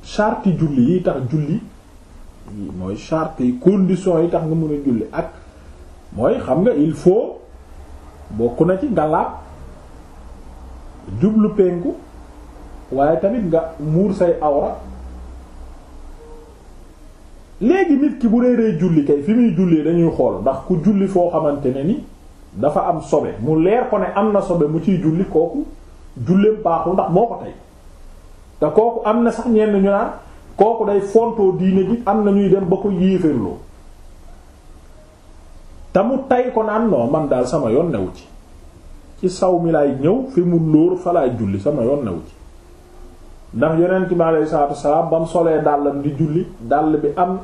charti julli yi tax julli mooy charti yi yi tax nga mën a julli ak mooy xam nga il faut bokk na ci nga laab jublu penku waaye tamit nga muur say awra léegi nit ki bu reeree julli kay fi muy jullee dañuy xool ndax ku julli foo xamante ne ni dafa am sobe mu leer ko ne am na sobe mu ciy julli kooku julleem baaxul ndax moo ko tey te kooku am na sax ñenn ñu naan kooku day fontoo diine ji am na ñuy dem ba ko yéeféerloo te mu tay naan non sama yoon newu ci ci saw mi laay ñëw fi mu lóor fa laay sama yoon newu ndax yonent bi alayhi salaatu ba mu solee dàllam di julli dàll bi am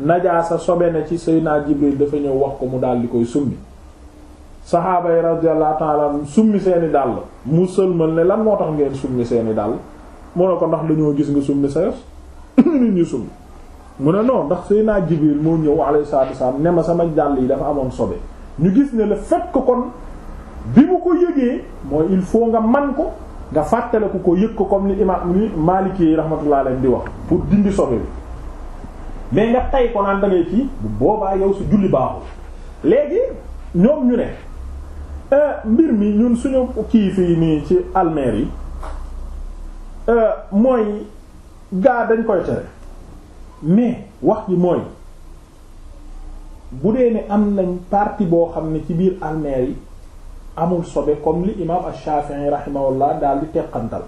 najaasa sobe na ci sëy Seydina Jibril dafa ñëw wax ko mu daal di koy summi saxaaba yi radiyallahu ta'ala summi seeni dàll mu sëlmal ne lan moo tax ngeen summi seeni dàll mu ne ko ndax lañoo gis nga summi sa yos [LAUGHS] nit ñu summi mu ne non ndax sëy naa Jibril moo ñëw alay salaatu wasallam ne ma sama dàll yi dafa amoon sobe ñu gis ne le fait kon bi mu ko yëgee mooy il faut nga man ko nga fàttaliku ko yëg ko comme ni imam ni Maliki yi rahmatullah di wax pour dindi sobe bi mais nga tay ko naan da kii bu boobaa yow si julli baaxul ñu ne Euh, mbir mi ñun suñu kii fii nii ci almeer yi euh, mooy gaa dañ koy tere mais wax ji mooy bu dee ne am nañ parti boo xam ne ci biir almeer yi amul sobe comme li imam Ash-Shafi'i rahimahullah daal di teqantal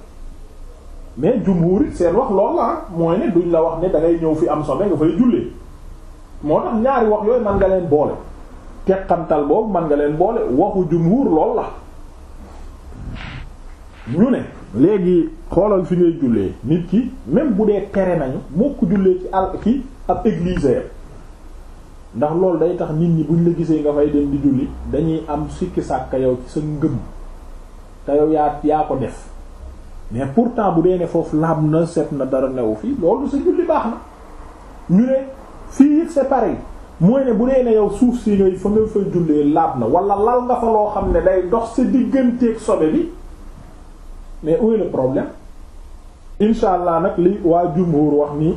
mais jumhuur it seen wax loolu la mooy ne duñ la wax ne dangay ñëw fi am sobe nga fay jullee moo tax ñaari wax yooyu man nga leen boole teqantal boobu mën nga leen boole waxu jumhur lool la ñu ne léegi xoolal fi ngay jullee nit ki même bu dee tere nañu mokk jullee ci al ci ab église ndax loolu day tax nit ñi buñ la gisee nga fay dem di julli dañuy am sikki sàkka yow ci sa ngëm te yow yaa yaa ko def mais pourtant bu dee ne foofu laab na set na dara newu fii loolu si julli baax na ñu ne fii it c'est pareil mooy ne bu dee ne yow suuf si ngay fa nga fay jullee laab na wala lal nga fa loo xam ne day dox sa digganteeg sobe bi mais où problème incha allah nag li waa jumhur wax nii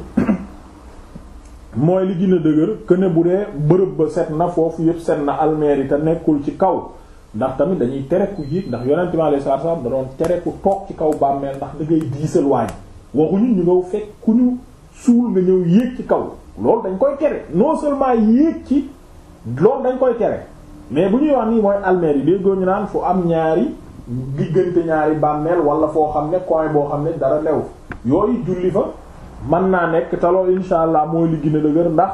[COUGHS] mooy li gën a dëgër que ne bu dee bërëb ba set na foofu yëpp set na yi te nekkul ci kaw ndax tamit dañuy tere ku yéeg ndax yonent mi alayhi salaatu salaam da doon tere ku toog ci kaw bàmmeel ndax da ngay diisal waaj waxuñu ñu nga fekk ku ñu suul nga ñëw yéeg ci kaw. loolu dañ koy tere non seulement yéeg ci loolu dañ koy tere mais bu ñuy wax nii mooy almeer yi dégg ñu naan fu am ñaari diggante ñaari bàmmeel wala foo xam ne coin boo xam ne dara new yooyu julli fa mën naa nekk taloo insha allah mooy li gën a dëgër ndax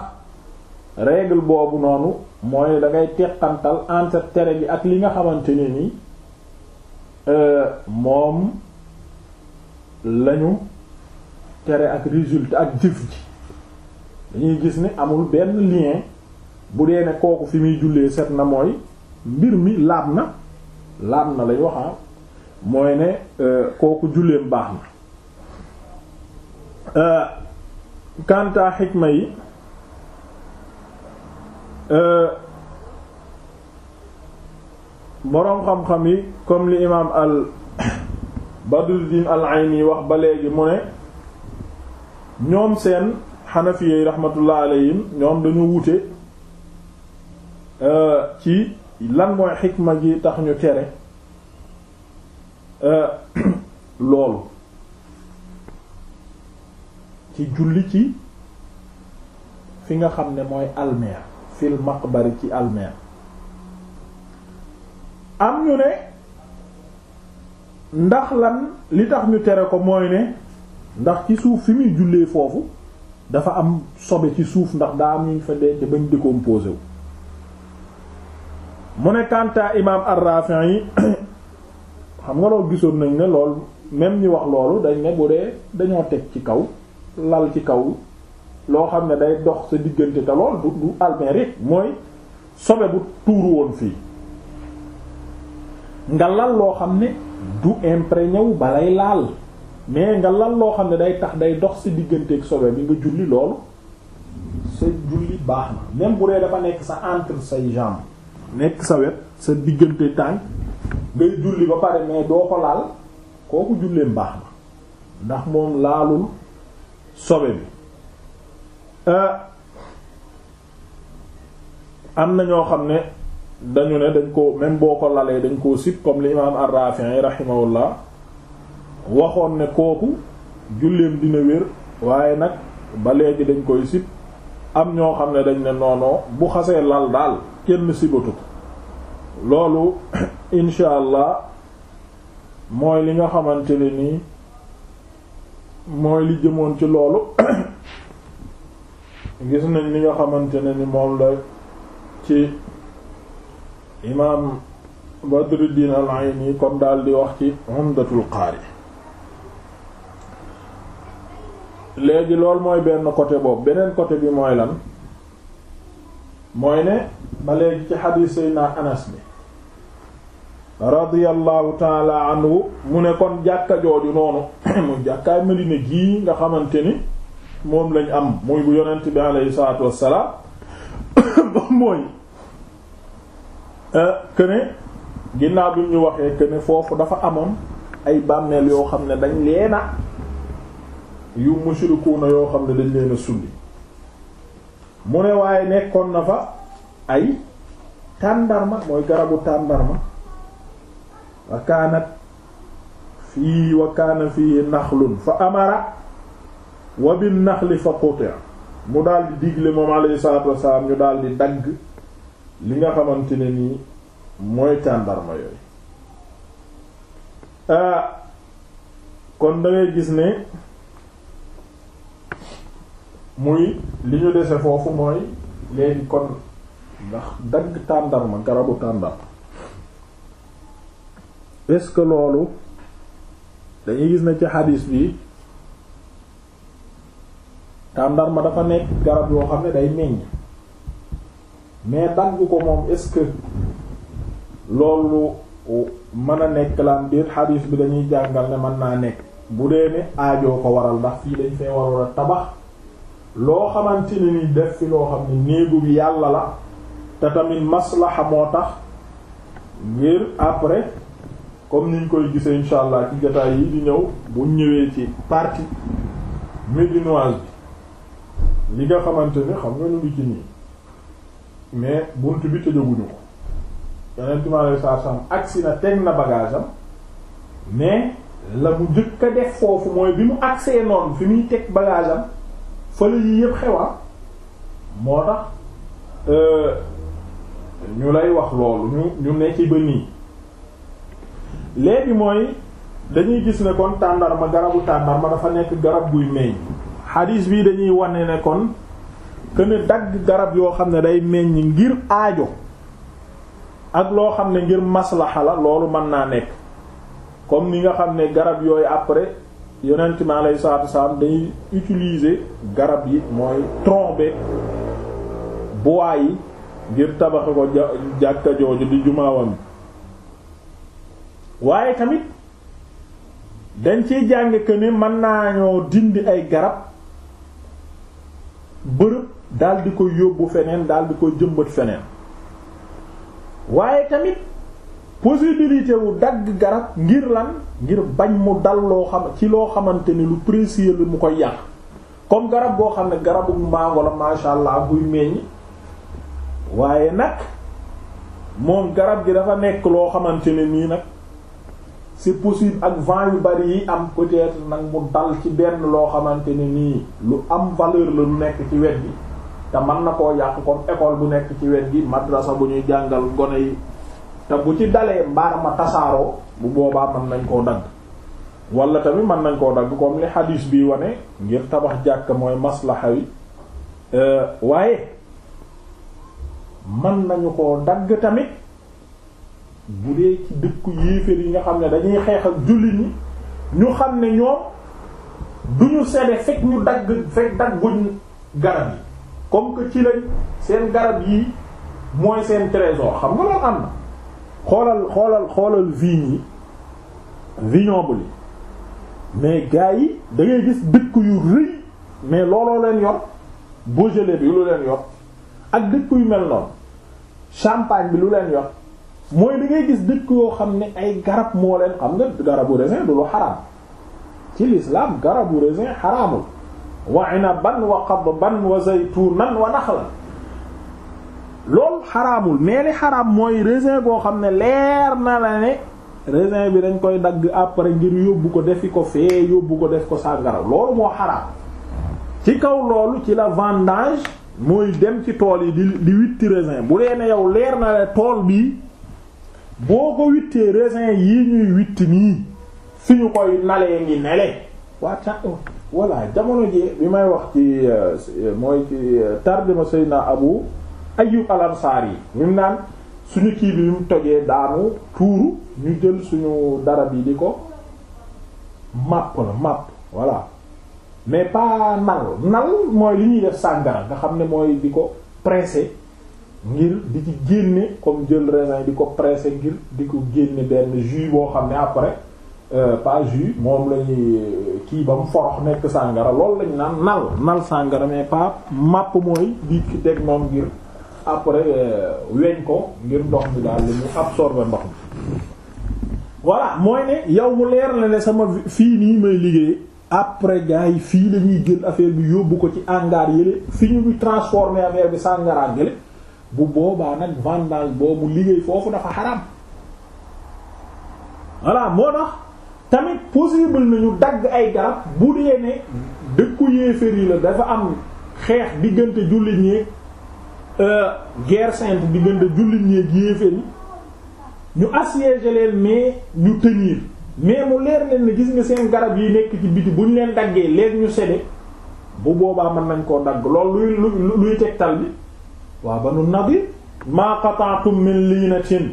règle boobu noonu mooy da ngay teqantal entre tere bi ak li nga xamante ne ni euh, moom lañu tere ak résultat ak jëf ji dañuy gis ne amul benn lien bu dee ne kooku fi muy jullee set na mooy mbir mi laab na laab na lay waxaa ah. mooy ne euh, kooku julleem baax na kanta euh, xikma yi euh, boroom xam-xam yi comme li imaam al [COUGHS] Badruddin al Ayni wax ba léegi mu ne ñoom seen xanafiye rahmatullah alayhim ñoom dañoo wute euh, ci lan mooy xikma ji tax ñu tere euh, [CLEARS THROAT] loolu ci julli ci fi nga xam ne mooy almeer fil maqbari ci almeer am ñu ne ndax lan li tax ñu tere ko mooy ne ndax ci suuf fi muy jullee foofu dafa am sobe ci suuf ndax daa am ñu fa denc bañ décomposé wu mu ne Kantaa imaam ar yi [COUGHS] xam nga loolu gisoon nañ ne lool même ñi wax loolu day ne de dañoo teg ci kaw lal ci kaw loo xam ne day dox sa diggante te lool du du almérie mooy sobe bu tuuru woon fii nga lal loo xam ne du imprégné wu balay laal. mais nga lan loo xam ne day tax day dox ci digganteeg sobe bi nga julli loolu sa julli baax na même bu dee dafa nekk sa entre say jambes nekk sa wet sa diggante tànk ngay julli ba pare mais doo ko laal kooku julleem baax na ndax moom laalul sobe bi euh, am na ñoo xam ne dañu ne dañ ko même boo ko lalee dañ koo sib comme l'imam Ar-Rafi'i rahimahullah waxoon ne kooku julleem dina wér waaye nag ba léegi dañ koy sib am ñoo xam ne dañ ne noonoo bu xasee lal daal kenn sibatu ko loolu [CLEARS THROAT] incha allah mooy li nga xamante ne nii mooy li jëmoon ci loolu [CLEARS THROAT] gis nañ li nga xamante ne ni moom la ci imaam Badruddin al-Ayni comme daal di wax ci Umdatul yi léegi loolu mooy benn côté boobu beneen côté bi mooy lan mooy ne ba léegi ci xadiis Seydina Anas bi radiyallahu taala anhu mu ne kon jàkka jooju noonu [COUGHS] mu jàkkaay Medina gii nga xamante ni moom lañ am muy bu yonent bi alayhi salaatu wassalaam [COUGHS] mooy këne euh, ginnaaw bi ñu waxee këne foofu dafa amoon ay bànneel yoo xam ne dañ leena yu mushrikuuna yoo xam ne dañ leen a sulli mu ne waaye nekkoon na fa ay tàndarma mooy garabu tàndarma wa kaanat fii wa kaana fii naxlun fa amara wa bin naxli fa quti'a mu dal di digle moom alayhi salaatu wasalaam ñu daal di dagg li nga xamante nii mooy tàndarma yooyu ah, kon da gis ne muy li ñu dese foofu mooy léegi kon ndax dagg tàndarma garabu tàndarma est-ce que loolu dañuy gis na ci xadis bi tàndarma dafa nekk garab yoo xam ne day meññ mais dagg ko moom est-ce loolu mën a nekk lan biir xadis bi dañuy jàngal ne mën naa nekk bu dee ne aajoo ko waral ndax fii dañ fee war a tabax loo xamante ne ni def fi loo xam ne néegu bi yàlla la te tamit maslaxa moo tax ngir après comme niñ koy gise insha allah ci jotaay yi di ñëw bu ñëwee ci partie médinoise bi li nga xamante ni xam nga ñu ngi ci nii mais bunt bi tëjaguñu ko yeneen ci maanaam saa sam agsi na teg na bagage mais la mu jëkk a def foofu mooy bi mu agsee noonu fi muy teg bagage fële yi yëpp xewaa ah. moo tax euh, ñu lay wax loolu ñu ñu nekk ba nii léegi mooy dañuy gis ne kon tàndarma garabu tàndarma dafa nekk garab guy meññ xadiis bii dañuy wane nekkoon kon këne dagg garab yoo xam ne day meññ ngir aajo ak loo xam ne ngir maslaxa la loolu mën naa nekk comme ni nga xam ne garab yooyu après yonent mi alayhi salaatu wasalaam dañuy utiliser garab yi mooy trombe bois yi ngir tabaxe ko jàkka jooju di jumaawam waaye tamit dañ ciy jàng que ne mën naa ñoo dindi ay garab bërëb daal di ko yóbbu feneen daal di ko jëmbat feneen waaye tamit possibilité wu dagg garab ngir lan ngir bañ mu dal loo xam ci loo xamante ni lu précieux lu mu koy yàq comme garab boo xam ne garabu mango la masha allah buy meññ waaye nag moom garab gi dafa nekk loo xamante ne nii nag c'est possible ak vent yu bari yi am peut nag mu dal ci benn loo xamante ni nii lu am valeur la lu nekk ci wet gi te man na koo yàq comme école bu nekk ci wet gi madrasa bu ñuy jàngal gone yi te bu ci dalee mbaar ma tasaaroo bu boobaa mën nañ koo dagg wala tamit mën nañ koo dagg comme li xadiis bi wane ngir tabax jàkk mooy maslaxa wi euh, waaye man nañu koo dagg tamit bu dee ci dëkku yéeféer yi nga xam ne dañuy xeex ak jullit ñi ñu xam ne ñoom duñu sede fekk ñu dagg fekk dagguñ garab yi comme que ci lañ seen garab yi mooy seen trésor xam nga loolu am na xoolal xoolal xoolal vignes yi vignoble yi mais gars yi dangay gis dëkk yu rëy mais looloo leen yor Beaujolais bi lu leen yor ak dëkk yu mel noonu champagne bi lu leen yor mooy da ngay gis dëkk yoo xam ne ay garab moo leen xam nga garabu raisin du lu xaraam ci l'islam garabu raisin xaraamul wa inaban wa qadban wa zaytunan wa naxlan loolu xaraamul mais li xaraam mooy raisin boo xam ne leer na la ne raisin bi dañ koy dagg après ngir yóbbu ko defi ko fee yóbbu ko def ko sàngara loolu moo xaraam ci kaw loolu ci la vendange mooy dem ci tool yi di di witti raisin bu dee ne yow leer na la tool bi boo ko wittee raisin yii ñuy witti nii fi ñu koy nalee ngi nele waa voilà jamono ji bi may wax ci euh, mooy ci euh, tarjuma Seydina Abu Ayyub al yi ñu naan suñu kii bi mu tojee daanu tuuru ñu jël suñu dara bi di ko màpp la màpp voilà mais pas nal nal mooy li ñuy def sàngara nga xam ne mooy di ko pressé ngir di ci génne comme jël di ko pressé ngir di ko génne benn jus boo xam ne après euh, pas jus moom lañuy euh, kii ba mu forox nekk sàngara loolu lañu naan nal nal sàngara mais pas màpp mooy di teg moom ngir après euh, weñ ko ngir ndox mi daal li mu absorber ndox mi voilà mooy ne yow mu leer la ne sama fii nii may liggéey après gars yi fii la ñuy jël affaire bi yóbbu ko ci hangar yële fi ñu transformer affaire bi sangaraan yële bu boobaa nag vandal boobu liggéey foofu dafa xaram voilà moo tax tamit possible nañu dagg ay garab bu dee ne dëkku yéeféer yi la dafa am xeex diggante jullit ñi Euh, guerre sainte diggante jullit ñi ak yéeféer ñu assiégé leen mais ñu tenir mais mu leer leen ne gis nga seen garab yi nekk ci biti bu ñu leen daggee leen ñu sede bu boobaa mën nañ koo dagg loolu luy luy tegtal bi waa banu nadir ma qata'tum min linatin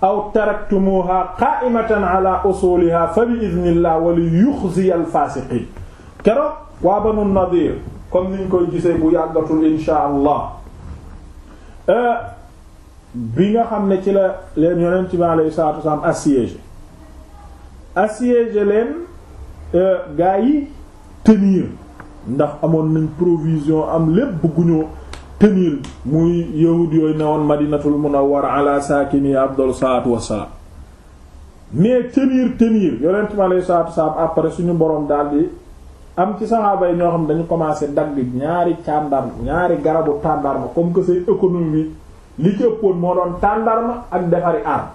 aw taraktumuha qa'imatan ala usuliha fa bi idhnillah wa li yukhzi al fasiqin keroog waa banu nadir comme niñ koy gisee bu yàggatul insha allah Euh, bi nga xam ne ci la leen yonent bi alayhi salaatu wasalaam assiégé assiégé leen euh, gaa yi tenir ndax amoon nañ provision am lépp bëgguñoo tenir muy yahud yooyu newoon madinatul munawwara ala saakini afdalu salaatu wassalaam mais tenir tenir yonent bi alayhi salaatu wasalaam après suñu boroom daldi am ci saxaaba yi ñoo xam dañu commencé dagg ñaari càndarma ñaari garabu tàndarma comme que say économie li ci moo doon tàndarma ak defari arme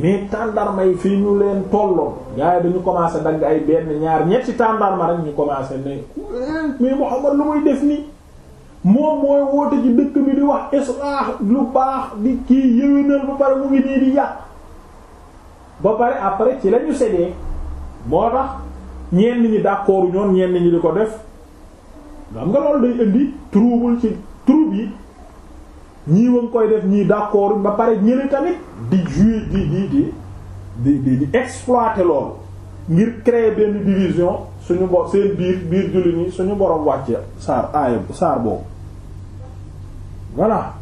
mais tàndarma yi fii ñu leen tolloon gars dañu commencé dagg ay benn ñaar ñetti tàndarma rek ñu commencé ne mais Muhammad lu muy def nii moom mooy woote ci dëkk bi di wax islaax lu baax di kii yëwénal ba pare mu ngi nii di yàq ba pare après ci lañu sedee moo tax ñenn ñi d'accord ñoon ñenn ñi di ko def xam nga loolu day indi trouble ci trouble yi ñii wa koy def ñii d'accord ba pare ñële tamit di jouer di di di di di di exploiter loolu ngir créer benn division suñu bo seen biir biir jullit ñi suñu borom wàcce saar aaya saar boobu voilà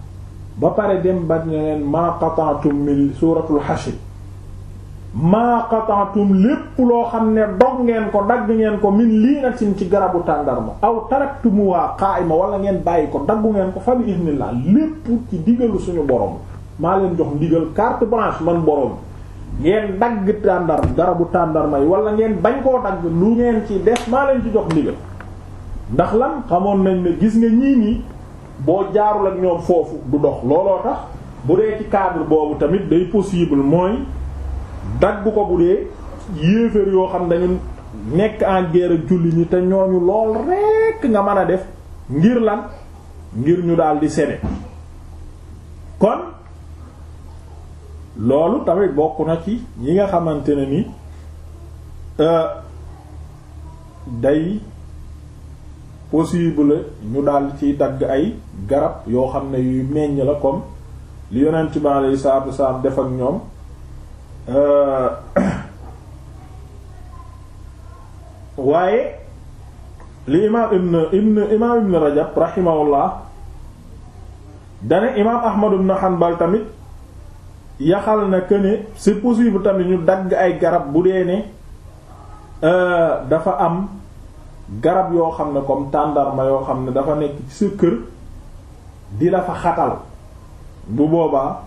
ba pare dem ba ne leen ma qata'tum min suuratul hashr maa qata'tum lépp loo xam ne dog ngeen ko dagg ngeen ko min lii nag sin ci garabu tàndarma aw taraktumuha qaa'ima wala ngeen bàyyi ko daggu ngeen ko fa bi lépp ci digalu suñu borom maa leen jox ndigal carte blanche man borom ngeen dagg tàndar garabu tàndarma yi wala ngeen bañ koo dagg lu ngeen ci des maa leen ci jox ndigal ndax lan xamoon nañ ne gis nga ñii nii boo jaarul ak ñoom foofu du dox looloo tax bu dee ci cadre boobu tamit day possible mooy dagg ko bu dee yéeféer yoo xam dañu nekk en guerre ak julli ñi te ñooñu lool rekk nga mën a def ngir lan ngir ñu daal di sene kon loolu tamit bokk na ci ñi nga xamante ne ni euh, day possible ñu daldi ci dagg ay garab yoo xam ne yuy meññ la comme li yonent bi alayhi salaatu wasalaam def ak ñoom Euh, [COUGHS] waaye li imaam ibn ibn imaam ibn rajab rahimahullah dane imaam ahmad ibn hanbal tamit yaxal na que ne c'est possible tamit ñu dagg ay garab bu dee ne euh, dafa am garab yoo xam ne comme tàndarma yoo xam ne dafa nekk ci sa kër di la xatal bu boobaa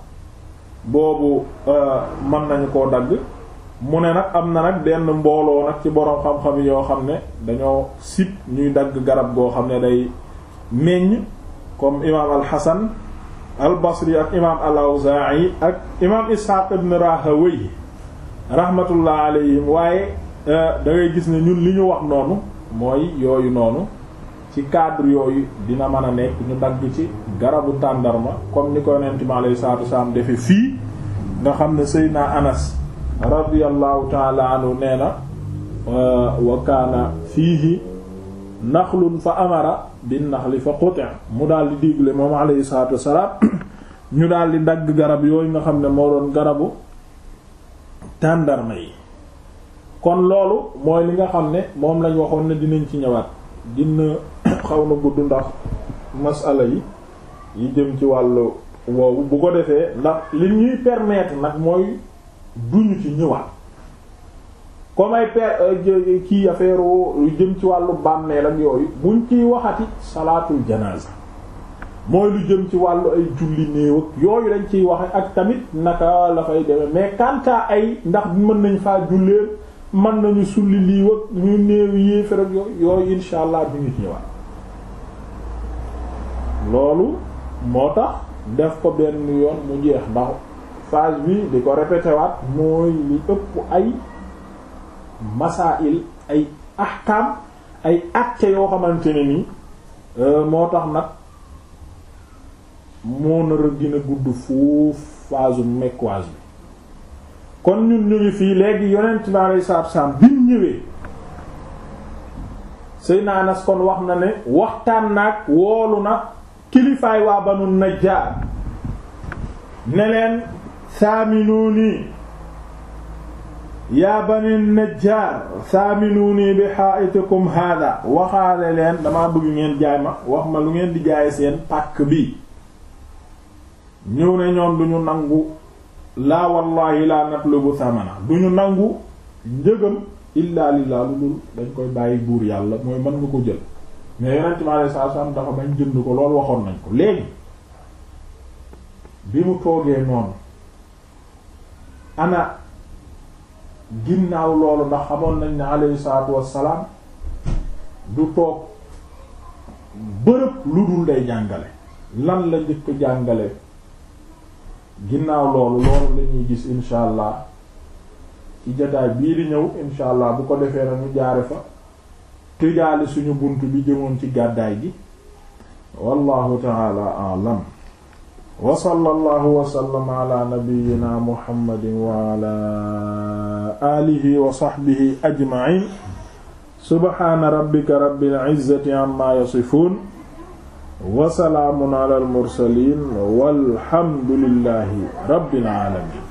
boobu euh, mën nañu koo dagg mu ne nag am na nag benn mbooloo nag ci boroom xam-xam yoo xam ne dañoo sib ñuy dagg garab goo xam ne day meññ comme imaam al-Hasan al-Basri ak imaam al-Awzaa'i ak imaam Isxaaq ibn Rahawayh rahmatullah alayhim waaye euh, dangay gis ne ñun li ñu wax noonu mooy yooyu noonu ci cadre yooyu dina mën a nekk ñu dagg ci garabu tàndarma kon ni ko yonent mi alayhi salaatu wasalaam defe fii nga xam ne Seydina Anas radiyallahu taala anhu nee na kaana fiihi naxlun fa amara bin naxli fa qutia mu daal di digle moom alayhi salaatu wasalaam [CLEARS THROAT] ñu daal di dagg garab yooyu nga xam ne moo garabu tàndarma yi kon loolu mooy li nga xam ne moom lañ waxoon ne dinañ ci ñëwaat dina xaw na gudd ndax masala yi yi jëm ci wàllu wow bu ko defee ndax li ñuy permettre nag mooy duñu ci ñëwaat comme ay per euh, kii affaire lu jëm ci wàllu bàmmeel ak yooyu buñ ciy waxati salaatul janaasa mooy lu jëm ci wàllu ay julli néew ak yooyu dañ ciy wax ak tamit naka la fay demee mais kantaa ay ndax mën nañu faa jullee mën nañu sulli lii wëg ñu néew yéefi rek yooyu yooyu insha allah bi ñu ñëwaat loolu moo tax def ko benn yoon mu jeex ndax phase bi di ko répété waat mooy li ëpp ay il ay ahkam ay acte yoo xamante ne ni euh, moo tax nag moo nar a gën gudd foofu phase mecquoise bi kon ñun ñu ngi fii léegi yonent bi alei salatu salaam bi mu ñëwee Seydina Anas kon wax na ne waxtaan naag woolu na kilifaay waa banu najjaar ne leen saaminuuni yaa bani najjaar saaminuuni bi haa'itikum haada waxaale leen damaa bëgg ngeen jaay ma wax ma lu ngeen di jaaye seen pàkk bi ñëw ne ñoom duñu nangu laa wallahi laa natlubu samana duñu nangu njëgam illaa lillaa lu dul dañ koy bàyyi buur yàlla mooy mën nga ko jël mais yonent mi alayhi salaatu salaam dafa bañ jënd ko loolu waxoon nañ ko léegi bi mu toogee noonu ana ginnaaw loolu ndax xamoon nañ ne alayhi salaatu wassalaam du toog bërëb lu dul day jàngale lan la njëkk jàngale ginnaaw loolu loolu la ñuy gis insha allah ci jotaay bii di ñëw insha allah bu ko defee na ñu jaare fa tëjaale suñu bunt bi jëmoon ci gàddaay gi wallahu taala alam wa sallallahu wa sallama ala nabiyyina muhammadin wa ala alihi wa sahbihi ajma'in subhana rabbika rabbil izzati amma yasifun wa salaamun ala al mursalin walhamdulillahi rabbil alamin